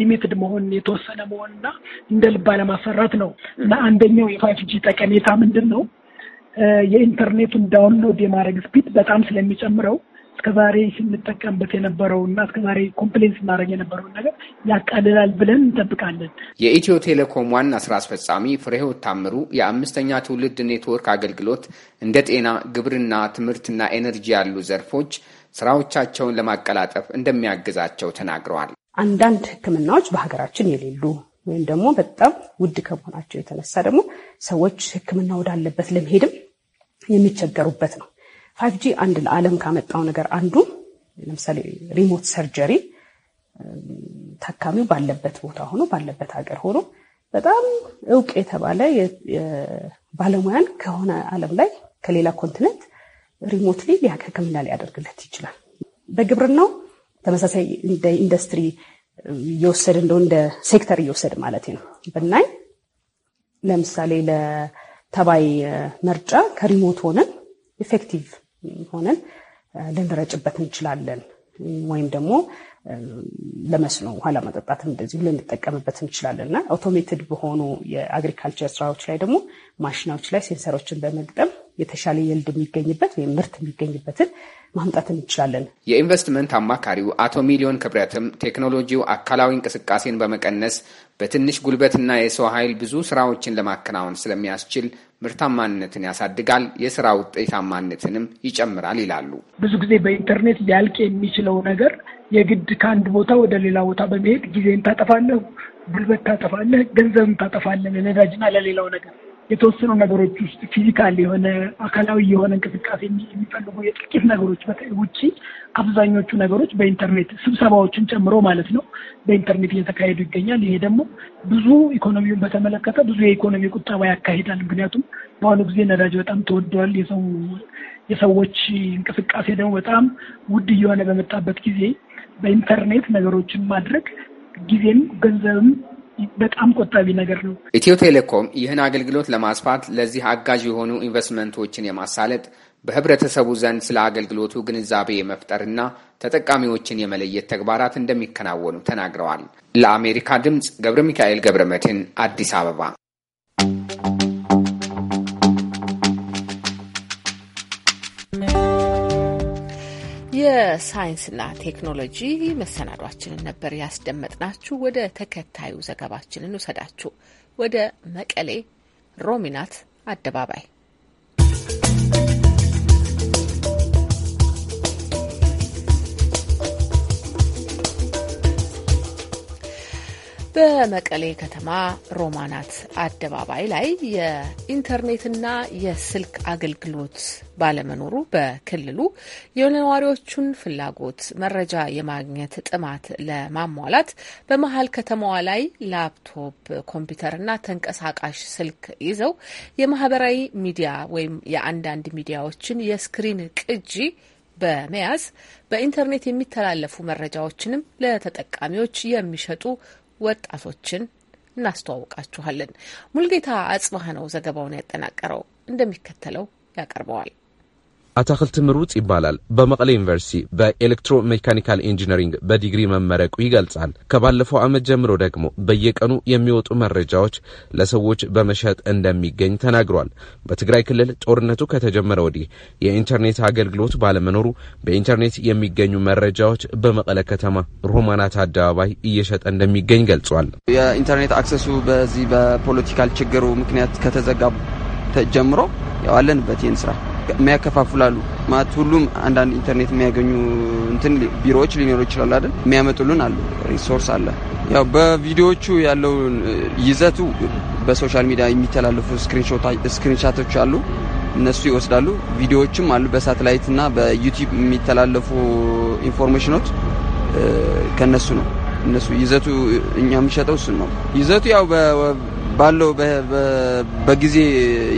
ሊሚትድ መሆን የተወሰነ መሆን እና እንደ ልብ አለማሰራት ነው እና አንደኛው የፋይፍ ጂ ጠቀሜታ ምንድን ነው? የኢንተርኔቱን ዳውንሎድ የማድረግ ስፒድ በጣም ስለሚጨምረው እስከዛሬ ስንጠቀምበት የነበረው እና እስከዛሬ ኮምፕሌን ስናደረግ የነበረውን ነገር ያቃልላል ብለን እንጠብቃለን። የኢትዮ ቴሌኮም ዋና ስራ አስፈጻሚ ፍሬህይወት ታምሩ የአምስተኛ ትውልድ ኔትወርክ አገልግሎት እንደ ጤና፣ ግብርና፣ ትምህርትና ኤነርጂ ያሉ ዘርፎች ስራዎቻቸውን ለማቀላጠፍ እንደሚያግዛቸው ተናግረዋል። አንዳንድ ሕክምናዎች በሀገራችን የሌሉ ወይም ደግሞ በጣም ውድ ከመሆናቸው የተነሳ ደግሞ ሰዎች ሕክምና ወዳለበት ለመሄድም የሚቸገሩበት ነው። ፋይቭ ጂ አንድ ለዓለም ካመጣው ነገር አንዱ ለምሳሌ ሪሞት ሰርጀሪ ታካሚው ባለበት ቦታ ሆኖ ባለበት ሀገር ሆኖ በጣም እውቅ የተባለ ባለሙያን ከሆነ ዓለም ላይ ከሌላ ኮንቲነንት ሪሞትሊ ሕክምና ሊያደርግለት ይችላል። በግብርናው ተመሳሳይ እንደ ኢንዱስትሪ እየወሰድ እንደው እንደ ሴክተር እየወሰድ ማለት ነው ብናይ ለምሳሌ ለተባይ መርጫ ከሪሞት ሆነን ኢፌክቲቭ ሆነን ልንረጭበት እንችላለን። ወይም ደግሞ ለመስኖ ውሃ መጠጣት እንደዚሁ ልንጠቀምበት እንችላለን እና አውቶሜትድ በሆኑ የአግሪካልቸር ስራዎች ላይ ደግሞ ማሽናዎች ላይ ሴንሰሮችን በመግጠም የተሻለ የልድ የሚገኝበት ወይም ምርት የሚገኝበትን ማምጣት እንችላለን። የኢንቨስትመንት አማካሪው አቶ ሚሊዮን ክብረትም ቴክኖሎጂው አካላዊ እንቅስቃሴን በመቀነስ በትንሽ ጉልበትና የሰው ኃይል ብዙ ስራዎችን ለማከናወን ስለሚያስችል ምርታማነትን ያሳድጋል፣ የስራ ውጤታማነትንም ይጨምራል ይላሉ። ብዙ ጊዜ በኢንተርኔት ሊያልቅ የሚችለው ነገር የግድ ከአንድ ቦታ ወደ ሌላ ቦታ በመሄድ ጊዜን ታጠፋለህ፣ ጉልበት ታጠፋለህ፣ ገንዘብን ታጠፋለህ ለነዳጅና ለሌላው ነገር የተወሰኑ ነገሮች ውስጥ ፊዚካል የሆነ አካላዊ የሆነ እንቅስቃሴ የሚፈልጉ የጥቂት ነገሮች ውጪ አብዛኞቹ ነገሮች በኢንተርኔት ስብሰባዎችን ጨምሮ ማለት ነው በኢንተርኔት እየተካሄዱ ይገኛል። ይሄ ደግሞ ብዙ ኢኮኖሚውን በተመለከተ ብዙ የኢኮኖሚ ቁጠባ ያካሂዳል። ምክንያቱም በአሁኑ ጊዜ ነዳጅ በጣም ተወደዋል። የሰው የሰዎች እንቅስቃሴ ደግሞ በጣም ውድ እየሆነ በመጣበት ጊዜ በኢንተርኔት ነገሮችን ማድረግ ጊዜም ገንዘብም በጣም ቆጣቢ ነገር ነው። ኢትዮ ቴሌኮም ይህን አገልግሎት ለማስፋት ለዚህ አጋዥ የሆኑ ኢንቨስትመንቶችን የማሳለጥ በህብረተሰቡ ዘንድ ስለ አገልግሎቱ ግንዛቤ የመፍጠርና ተጠቃሚዎችን የመለየት ተግባራት እንደሚከናወኑ ተናግረዋል። ለአሜሪካ ድምፅ ገብረ ሚካኤል ገብረ መድህን አዲስ አበባ የሳይንስና ቴክኖሎጂ መሰናዷችንን ነበር ያስደመጥናችሁ። ወደ ተከታዩ ዘገባችንን ውሰዳችሁ ወደ መቀሌ ሮሚናት አደባባይ በመቀሌ ከተማ ሮማናት አደባባይ ላይ የኢንተርኔትና የስልክ አገልግሎት ባለመኖሩ በክልሉ የነዋሪዎቹን ፍላጎት መረጃ የማግኘት ጥማት ለማሟላት በመሀል ከተማዋ ላይ ላፕቶፕ ኮምፒውተርና ተንቀሳቃሽ ስልክ ይዘው የማህበራዊ ሚዲያ ወይም የአንዳንድ ሚዲያዎችን የስክሪን ቅጂ በመያዝ በኢንተርኔት የሚተላለፉ መረጃዎችንም ለተጠቃሚዎች የሚሸጡ ወጣቶችን እናስተዋውቃችኋለን። ሙልጌታ አጽባህ ነው ዘገባውን ያጠናቀረው፣ እንደሚከተለው ያቀርበዋል። አታክልት ምሩፅ ይባላል። በመቀለ ዩኒቨርሲቲ በኤሌክትሮ ሜካኒካል ኢንጂነሪንግ በዲግሪ መመረቁ ይገልጻል። ከባለፈው ዓመት ጀምሮ ደግሞ በየቀኑ የሚወጡ መረጃዎች ለሰዎች በመሸጥ እንደሚገኝ ተናግሯል። በትግራይ ክልል ጦርነቱ ከተጀመረ ወዲህ የኢንተርኔት አገልግሎት ባለመኖሩ በኢንተርኔት የሚገኙ መረጃዎች በመቀለ ከተማ ሮማናት አደባባይ እየሸጠ እንደሚገኝ ገልጿል። የኢንተርኔት አክሰሱ በዚህ በፖለቲካል ችግሩ ምክንያት ከተዘጋ ጀምሮ ያዋለንበት ይህን ስራ የሚያከፋፍላሉ ማለት ሁሉም አንዳንድ ኢንተርኔት የሚያገኙ እንትን ቢሮዎች ሊኖሩ ይችላሉ አይደል? የሚያመጡልን አሉ። ሪሶርስ አለ። ያው በቪዲዮዎቹ ያለው ይዘቱ በሶሻል ሚዲያ የሚተላለፉ ስክሪንሻቶች አሉ፣ እነሱ ይወስዳሉ። ቪዲዮዎችም አሉ በሳተላይት እና በዩቲዩብ የሚተላለፉ ኢንፎርሜሽኖች ከነሱ ነው። እነሱ ይዘቱ እኛ የሚሸጠው እሱን ነው። ይዘቱ ያው ባለው በጊዜ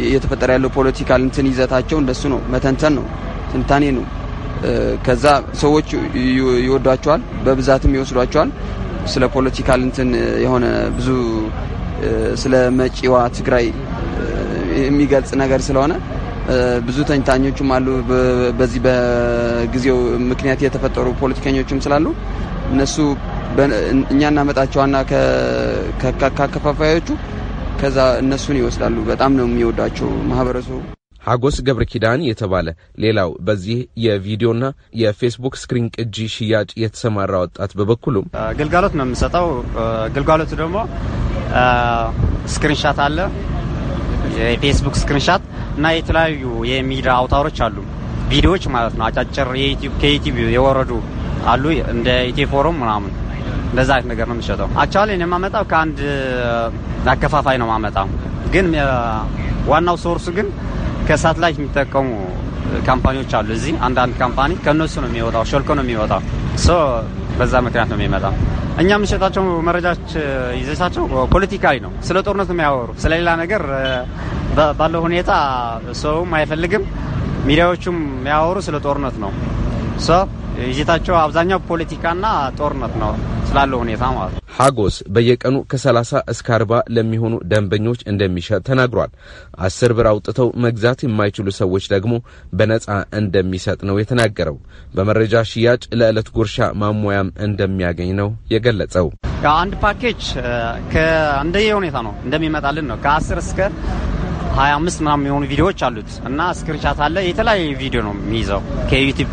እየተፈጠረ ያለው ፖለቲካል እንትን ይዘታቸው እንደሱ ነው። መተንተን ነው፣ ትንታኔ ነው። ከዛ ሰዎች ይወዷቸዋል፣ በብዛትም ይወስዷቸዋል። ስለ ፖለቲካል እንትን የሆነ ብዙ ስለ መጪዋ ትግራይ የሚገልጽ ነገር ስለሆነ ብዙ ተንታኞችም አሉ። በዚህ በጊዜው ምክንያት የተፈጠሩ ፖለቲከኞችም ስላሉ እነሱ እኛ እናመጣቸዋና ከአከፋፋዮቹ ከዛ እነሱን ይወስዳሉ። በጣም ነው የሚወዳቸው ማህበረሰቡ። ሀጎስ ገብረ ኪዳን የተባለ ሌላው በዚህ የቪዲዮና የፌስቡክ ስክሪን ቅጂ ሽያጭ የተሰማራ ወጣት በበኩሉም ግልጋሎት ነው የምሰጠው። ግልጋሎቱ ደግሞ ስክሪንሻት አለ፣ የፌስቡክ ስክሪንሻት እና የተለያዩ የሚዲያ አውታሮች አሉ፣ ቪዲዮዎች ማለት ነው። አጫጭር ከዩቲዩብ የወረዱ አሉ እንደ ኢቴ ፎረም ምናምን እንደዛ አይነት ነገር ነው የሚሸጠው። አክቹዋሊ እኔ የማመጣው ከአንድ አከፋፋይ ነው የማመጣው፣ ግን ዋናው ሶርሱ ግን ከሳትላይት የሚጠቀሙ ካምፓኒዎች አሉ እዚህ። አንዳንድ ካምፓኒ ከእነሱ ነው የሚወጣው፣ ሾልኮ ነው የሚወጣው። በዛ ምክንያት ነው የሚመጣው። እኛ የምንሸጣቸው መረጃዎች ይዘታቸው ፖለቲካዊ ነው። ስለ ጦርነት ነው የሚያወሩ፣ ስለሌላ ነገር ባለው ሁኔታ ሰውም አይፈልግም። ሚዲያዎቹም የሚያወሩ ስለ ጦርነት ነው። ሰው አብዛኛው ፖለቲካና ጦርነት ነው ስላለው ሁኔታ ማለት ነው። ሀጎስ በየቀኑ ከ30 እስከ 40 ለሚሆኑ ደንበኞች እንደሚሸጥ ተናግሯል። አስር ብር አውጥተው መግዛት የማይችሉ ሰዎች ደግሞ በነጻ እንደሚሰጥ ነው የተናገረው። በመረጃ ሽያጭ ለዕለት ጉርሻ ማሟያም እንደሚያገኝ ነው የገለጸው። አንድ ፓኬጅ እንደ ሁኔታ ነው እንደሚመጣልን ነው ከአስር እስከ ሀያ አምስት ምናምን የሆኑ ቪዲዮዎች አሉት እና ስክሪንሻት አለ። የተለያየ ቪዲዮ ነው የሚይዘው ከዩቲብ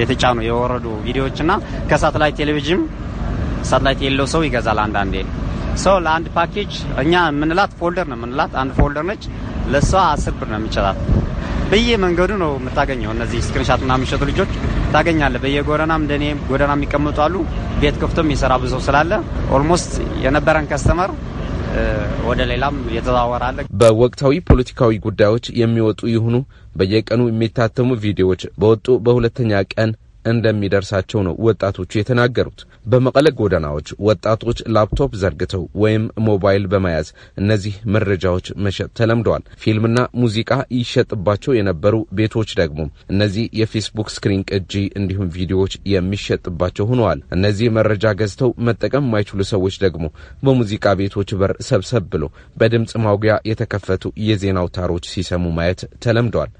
የተጫኑ የወረዱ ቪዲዮዎች እና ከሳተላይት ቴሌቪዥን ሳተላይት የሌለው ሰው ይገዛል አንዳንዴ ሰው ለአንድ ፓኬጅ እኛ የምንላት ፎልደር ነው የምንላት አንድ ፎልደር ነች። ለእሷ አስር ብር ነው የሚችላት። በየ መንገዱ ነው የምታገኘው። እነዚህ ስክሪንሻት ና የሚሸጡ ልጆች ታገኛለ። በየጎዳናም እንደኔ ጎዳና የሚቀመጡ አሉ። ቤት ከፍቶ የሚሰራ ብዙ ሰው ስላለ ኦልሞስት የነበረን ከስተመር ወደ ሌላም የተዛወራለ። በወቅታዊ ፖለቲካዊ ጉዳዮች የሚወጡ ይሁኑ በየቀኑ የሚታተሙ ቪዲዮዎች በወጡ በሁለተኛ ቀን እንደሚደርሳቸው ነው ወጣቶቹ የተናገሩት። በመቀለ ጎዳናዎች ወጣቶች ላፕቶፕ ዘርግተው ወይም ሞባይል በመያዝ እነዚህ መረጃዎች መሸጥ ተለምደዋል። ፊልምና ሙዚቃ ይሸጥባቸው የነበሩ ቤቶች ደግሞ እነዚህ የፌስቡክ ስክሪን ቅጂ እንዲሁም ቪዲዮዎች የሚሸጥባቸው ሆነዋል። እነዚህ መረጃ ገዝተው መጠቀም የማይችሉ ሰዎች ደግሞ በሙዚቃ ቤቶች በር ሰብሰብ ብሎ በድምፅ ማጉያ የተከፈቱ የዜና አውታሮች ሲሰሙ ማየት ተለምደዋል።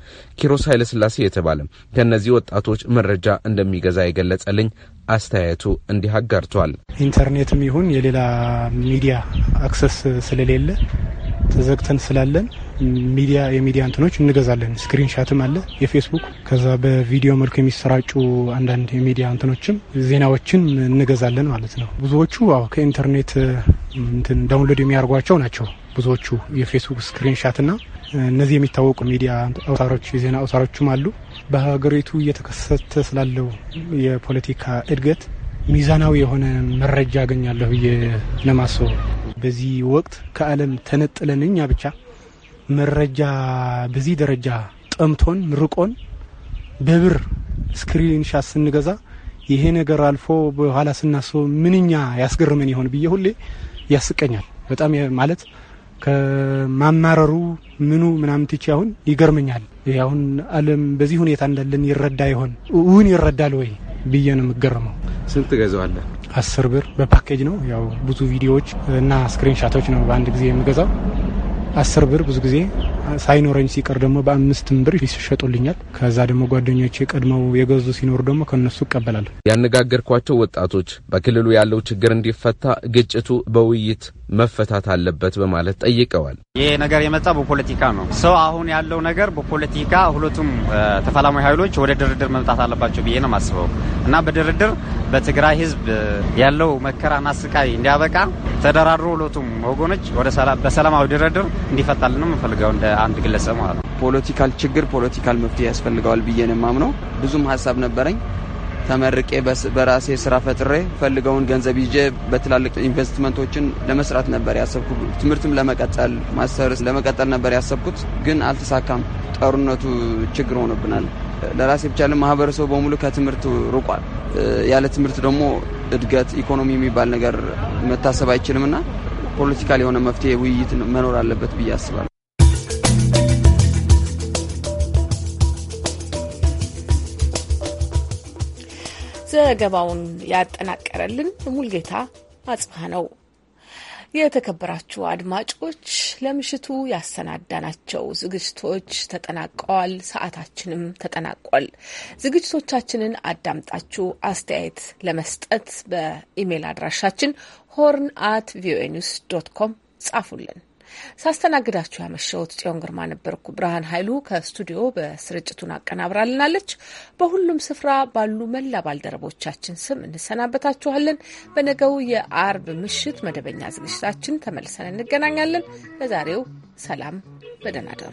ኪሮስ ኃይለስላሴ የተባለም ከእነዚህ ወጣቶች መረጃ እንደሚገዛ የገለጸልኝ አስተያየቱ እንዲህ አጋርቷል። ኢንተርኔትም ይሁን የሌላ ሚዲያ አክሰስ ስለሌለ ተዘግተን ስላለን ሚዲያ የሚዲያ እንትኖች እንገዛለን። ስክሪንሻትም አለ የፌስቡክ ከዛ በቪዲዮ መልኩ የሚሰራጩ አንዳንድ የሚዲያ እንትኖችም ዜናዎችን እንገዛለን ማለት ነው። ብዙዎቹ አዎ ከኢንተርኔት ዳውንሎድ የሚያደርጓቸው ናቸው። ብዙዎቹ የፌስቡክ ስክሪንሻትና እነዚህ የሚታወቁ ሚዲያ አውታሮች የዜና አውታሮችም አሉ። በሀገሪቱ እየተከሰተ ስላለው የፖለቲካ እድገት ሚዛናዊ የሆነ መረጃ አገኛለሁ ብዬ ለማስበው በዚህ ወቅት ከዓለም ተነጥለን እኛ ብቻ መረጃ በዚህ ደረጃ ጠምቶን ርቆን በብር ስክሪን ሻት ስንገዛ ይሄ ነገር አልፎ በኋላ ስናስበው ምንኛ ያስገርመን ይሆን ብዬ ሁሌ ያስቀኛል። በጣም ማለት ከማማረሩ ምኑ ምናምን ትቼ አሁን ይገርመኛል። ይህ አሁን ዓለም በዚህ ሁኔታ እንዳለን ይረዳ ይሆን እውን ይረዳል ወይ ብዬ ነው የምገረመው። ስንት ገዛዋለ? አስር ብር በፓኬጅ ነው ያው ብዙ ቪዲዮዎች እና ስክሪንሻቶች ነው በአንድ ጊዜ የምገዛው። አስር ብር ብዙ ጊዜ ሳይኖረኝ ሲቀር ደግሞ በአምስትም ብር ይሸጡልኛል። ከዛ ደግሞ ጓደኞች ቀድመው የገዙ ሲኖሩ ደግሞ ከነሱ ይቀበላል። ያነጋገርኳቸው ወጣቶች በክልሉ ያለው ችግር እንዲፈታ ግጭቱ በውይይት መፈታት አለበት በማለት ጠይቀዋል። ይህ ነገር የመጣ በፖለቲካ ነው። ሰው አሁን ያለው ነገር በፖለቲካ ሁለቱም ተፋላሚ ኃይሎች ወደ ድርድር መምጣት አለባቸው ብዬ ነው የማስበው እና በድርድር በትግራይ ሕዝብ ያለው መከራና ስቃይ እንዲያበቃ ተደራድሮ ሁለቱም ወገኖች በሰላማዊ ድርድር እንዲፈታልን እንፈልገው እንደ አንድ ግለሰብ ማለት ነው። ፖለቲካል ችግር ፖለቲካል መፍትሄ ያስፈልገዋል ብዬ ነው የማምነው። ብዙም ሀሳብ ነበረኝ። ተመርቄ በራሴ ስራ ፈጥሬ ፈልገውን ገንዘብ ይዤ በትላልቅ ኢንቨስትመንቶችን ለመስራት ነበር ያሰብኩት። ትምህርትም ለመቀጠል ማስተርስ ለመቀጠል ነበር ያሰብኩት፣ ግን አልተሳካም። ጦርነቱ ችግር ሆኖብናል። ለራሴ ብቻ ማህበረሰቡ በሙሉ ከትምህርት ርቋል። ያለ ትምህርት ደግሞ እድገት፣ ኢኮኖሚ የሚባል ነገር መታሰብ አይችልምና ፖለቲካል የሆነ መፍትሄ ውይይት መኖር አለበት ብዬ አስባለሁ። ዘገባውን ያጠናቀረልን ሙልጌታ አጽፋ ነው። የተከበራችሁ አድማጮች ለምሽቱ ያሰናዳናቸው ዝግጅቶች ተጠናቀዋል። ሰዓታችንም ተጠናቋል። ዝግጅቶቻችንን አዳምጣችሁ አስተያየት ለመስጠት በኢሜይል አድራሻችን ሆርን አት ቪኦኤ ኒውስ ዶት ኮም ጻፉልን። ሳስተናግዳችሁ ያመሸሁት ጽዮን ግርማ ነበርኩ። ብርሃን ኃይሉ ከስቱዲዮ በስርጭቱን አቀናብራልናለች። በሁሉም ስፍራ ባሉ መላ ባልደረቦቻችን ስም እንሰናበታችኋለን። በነገው የአርብ ምሽት መደበኛ ዝግጅታችን ተመልሰን እንገናኛለን። ለዛሬው ሰላም፣ በደህና ደሩ።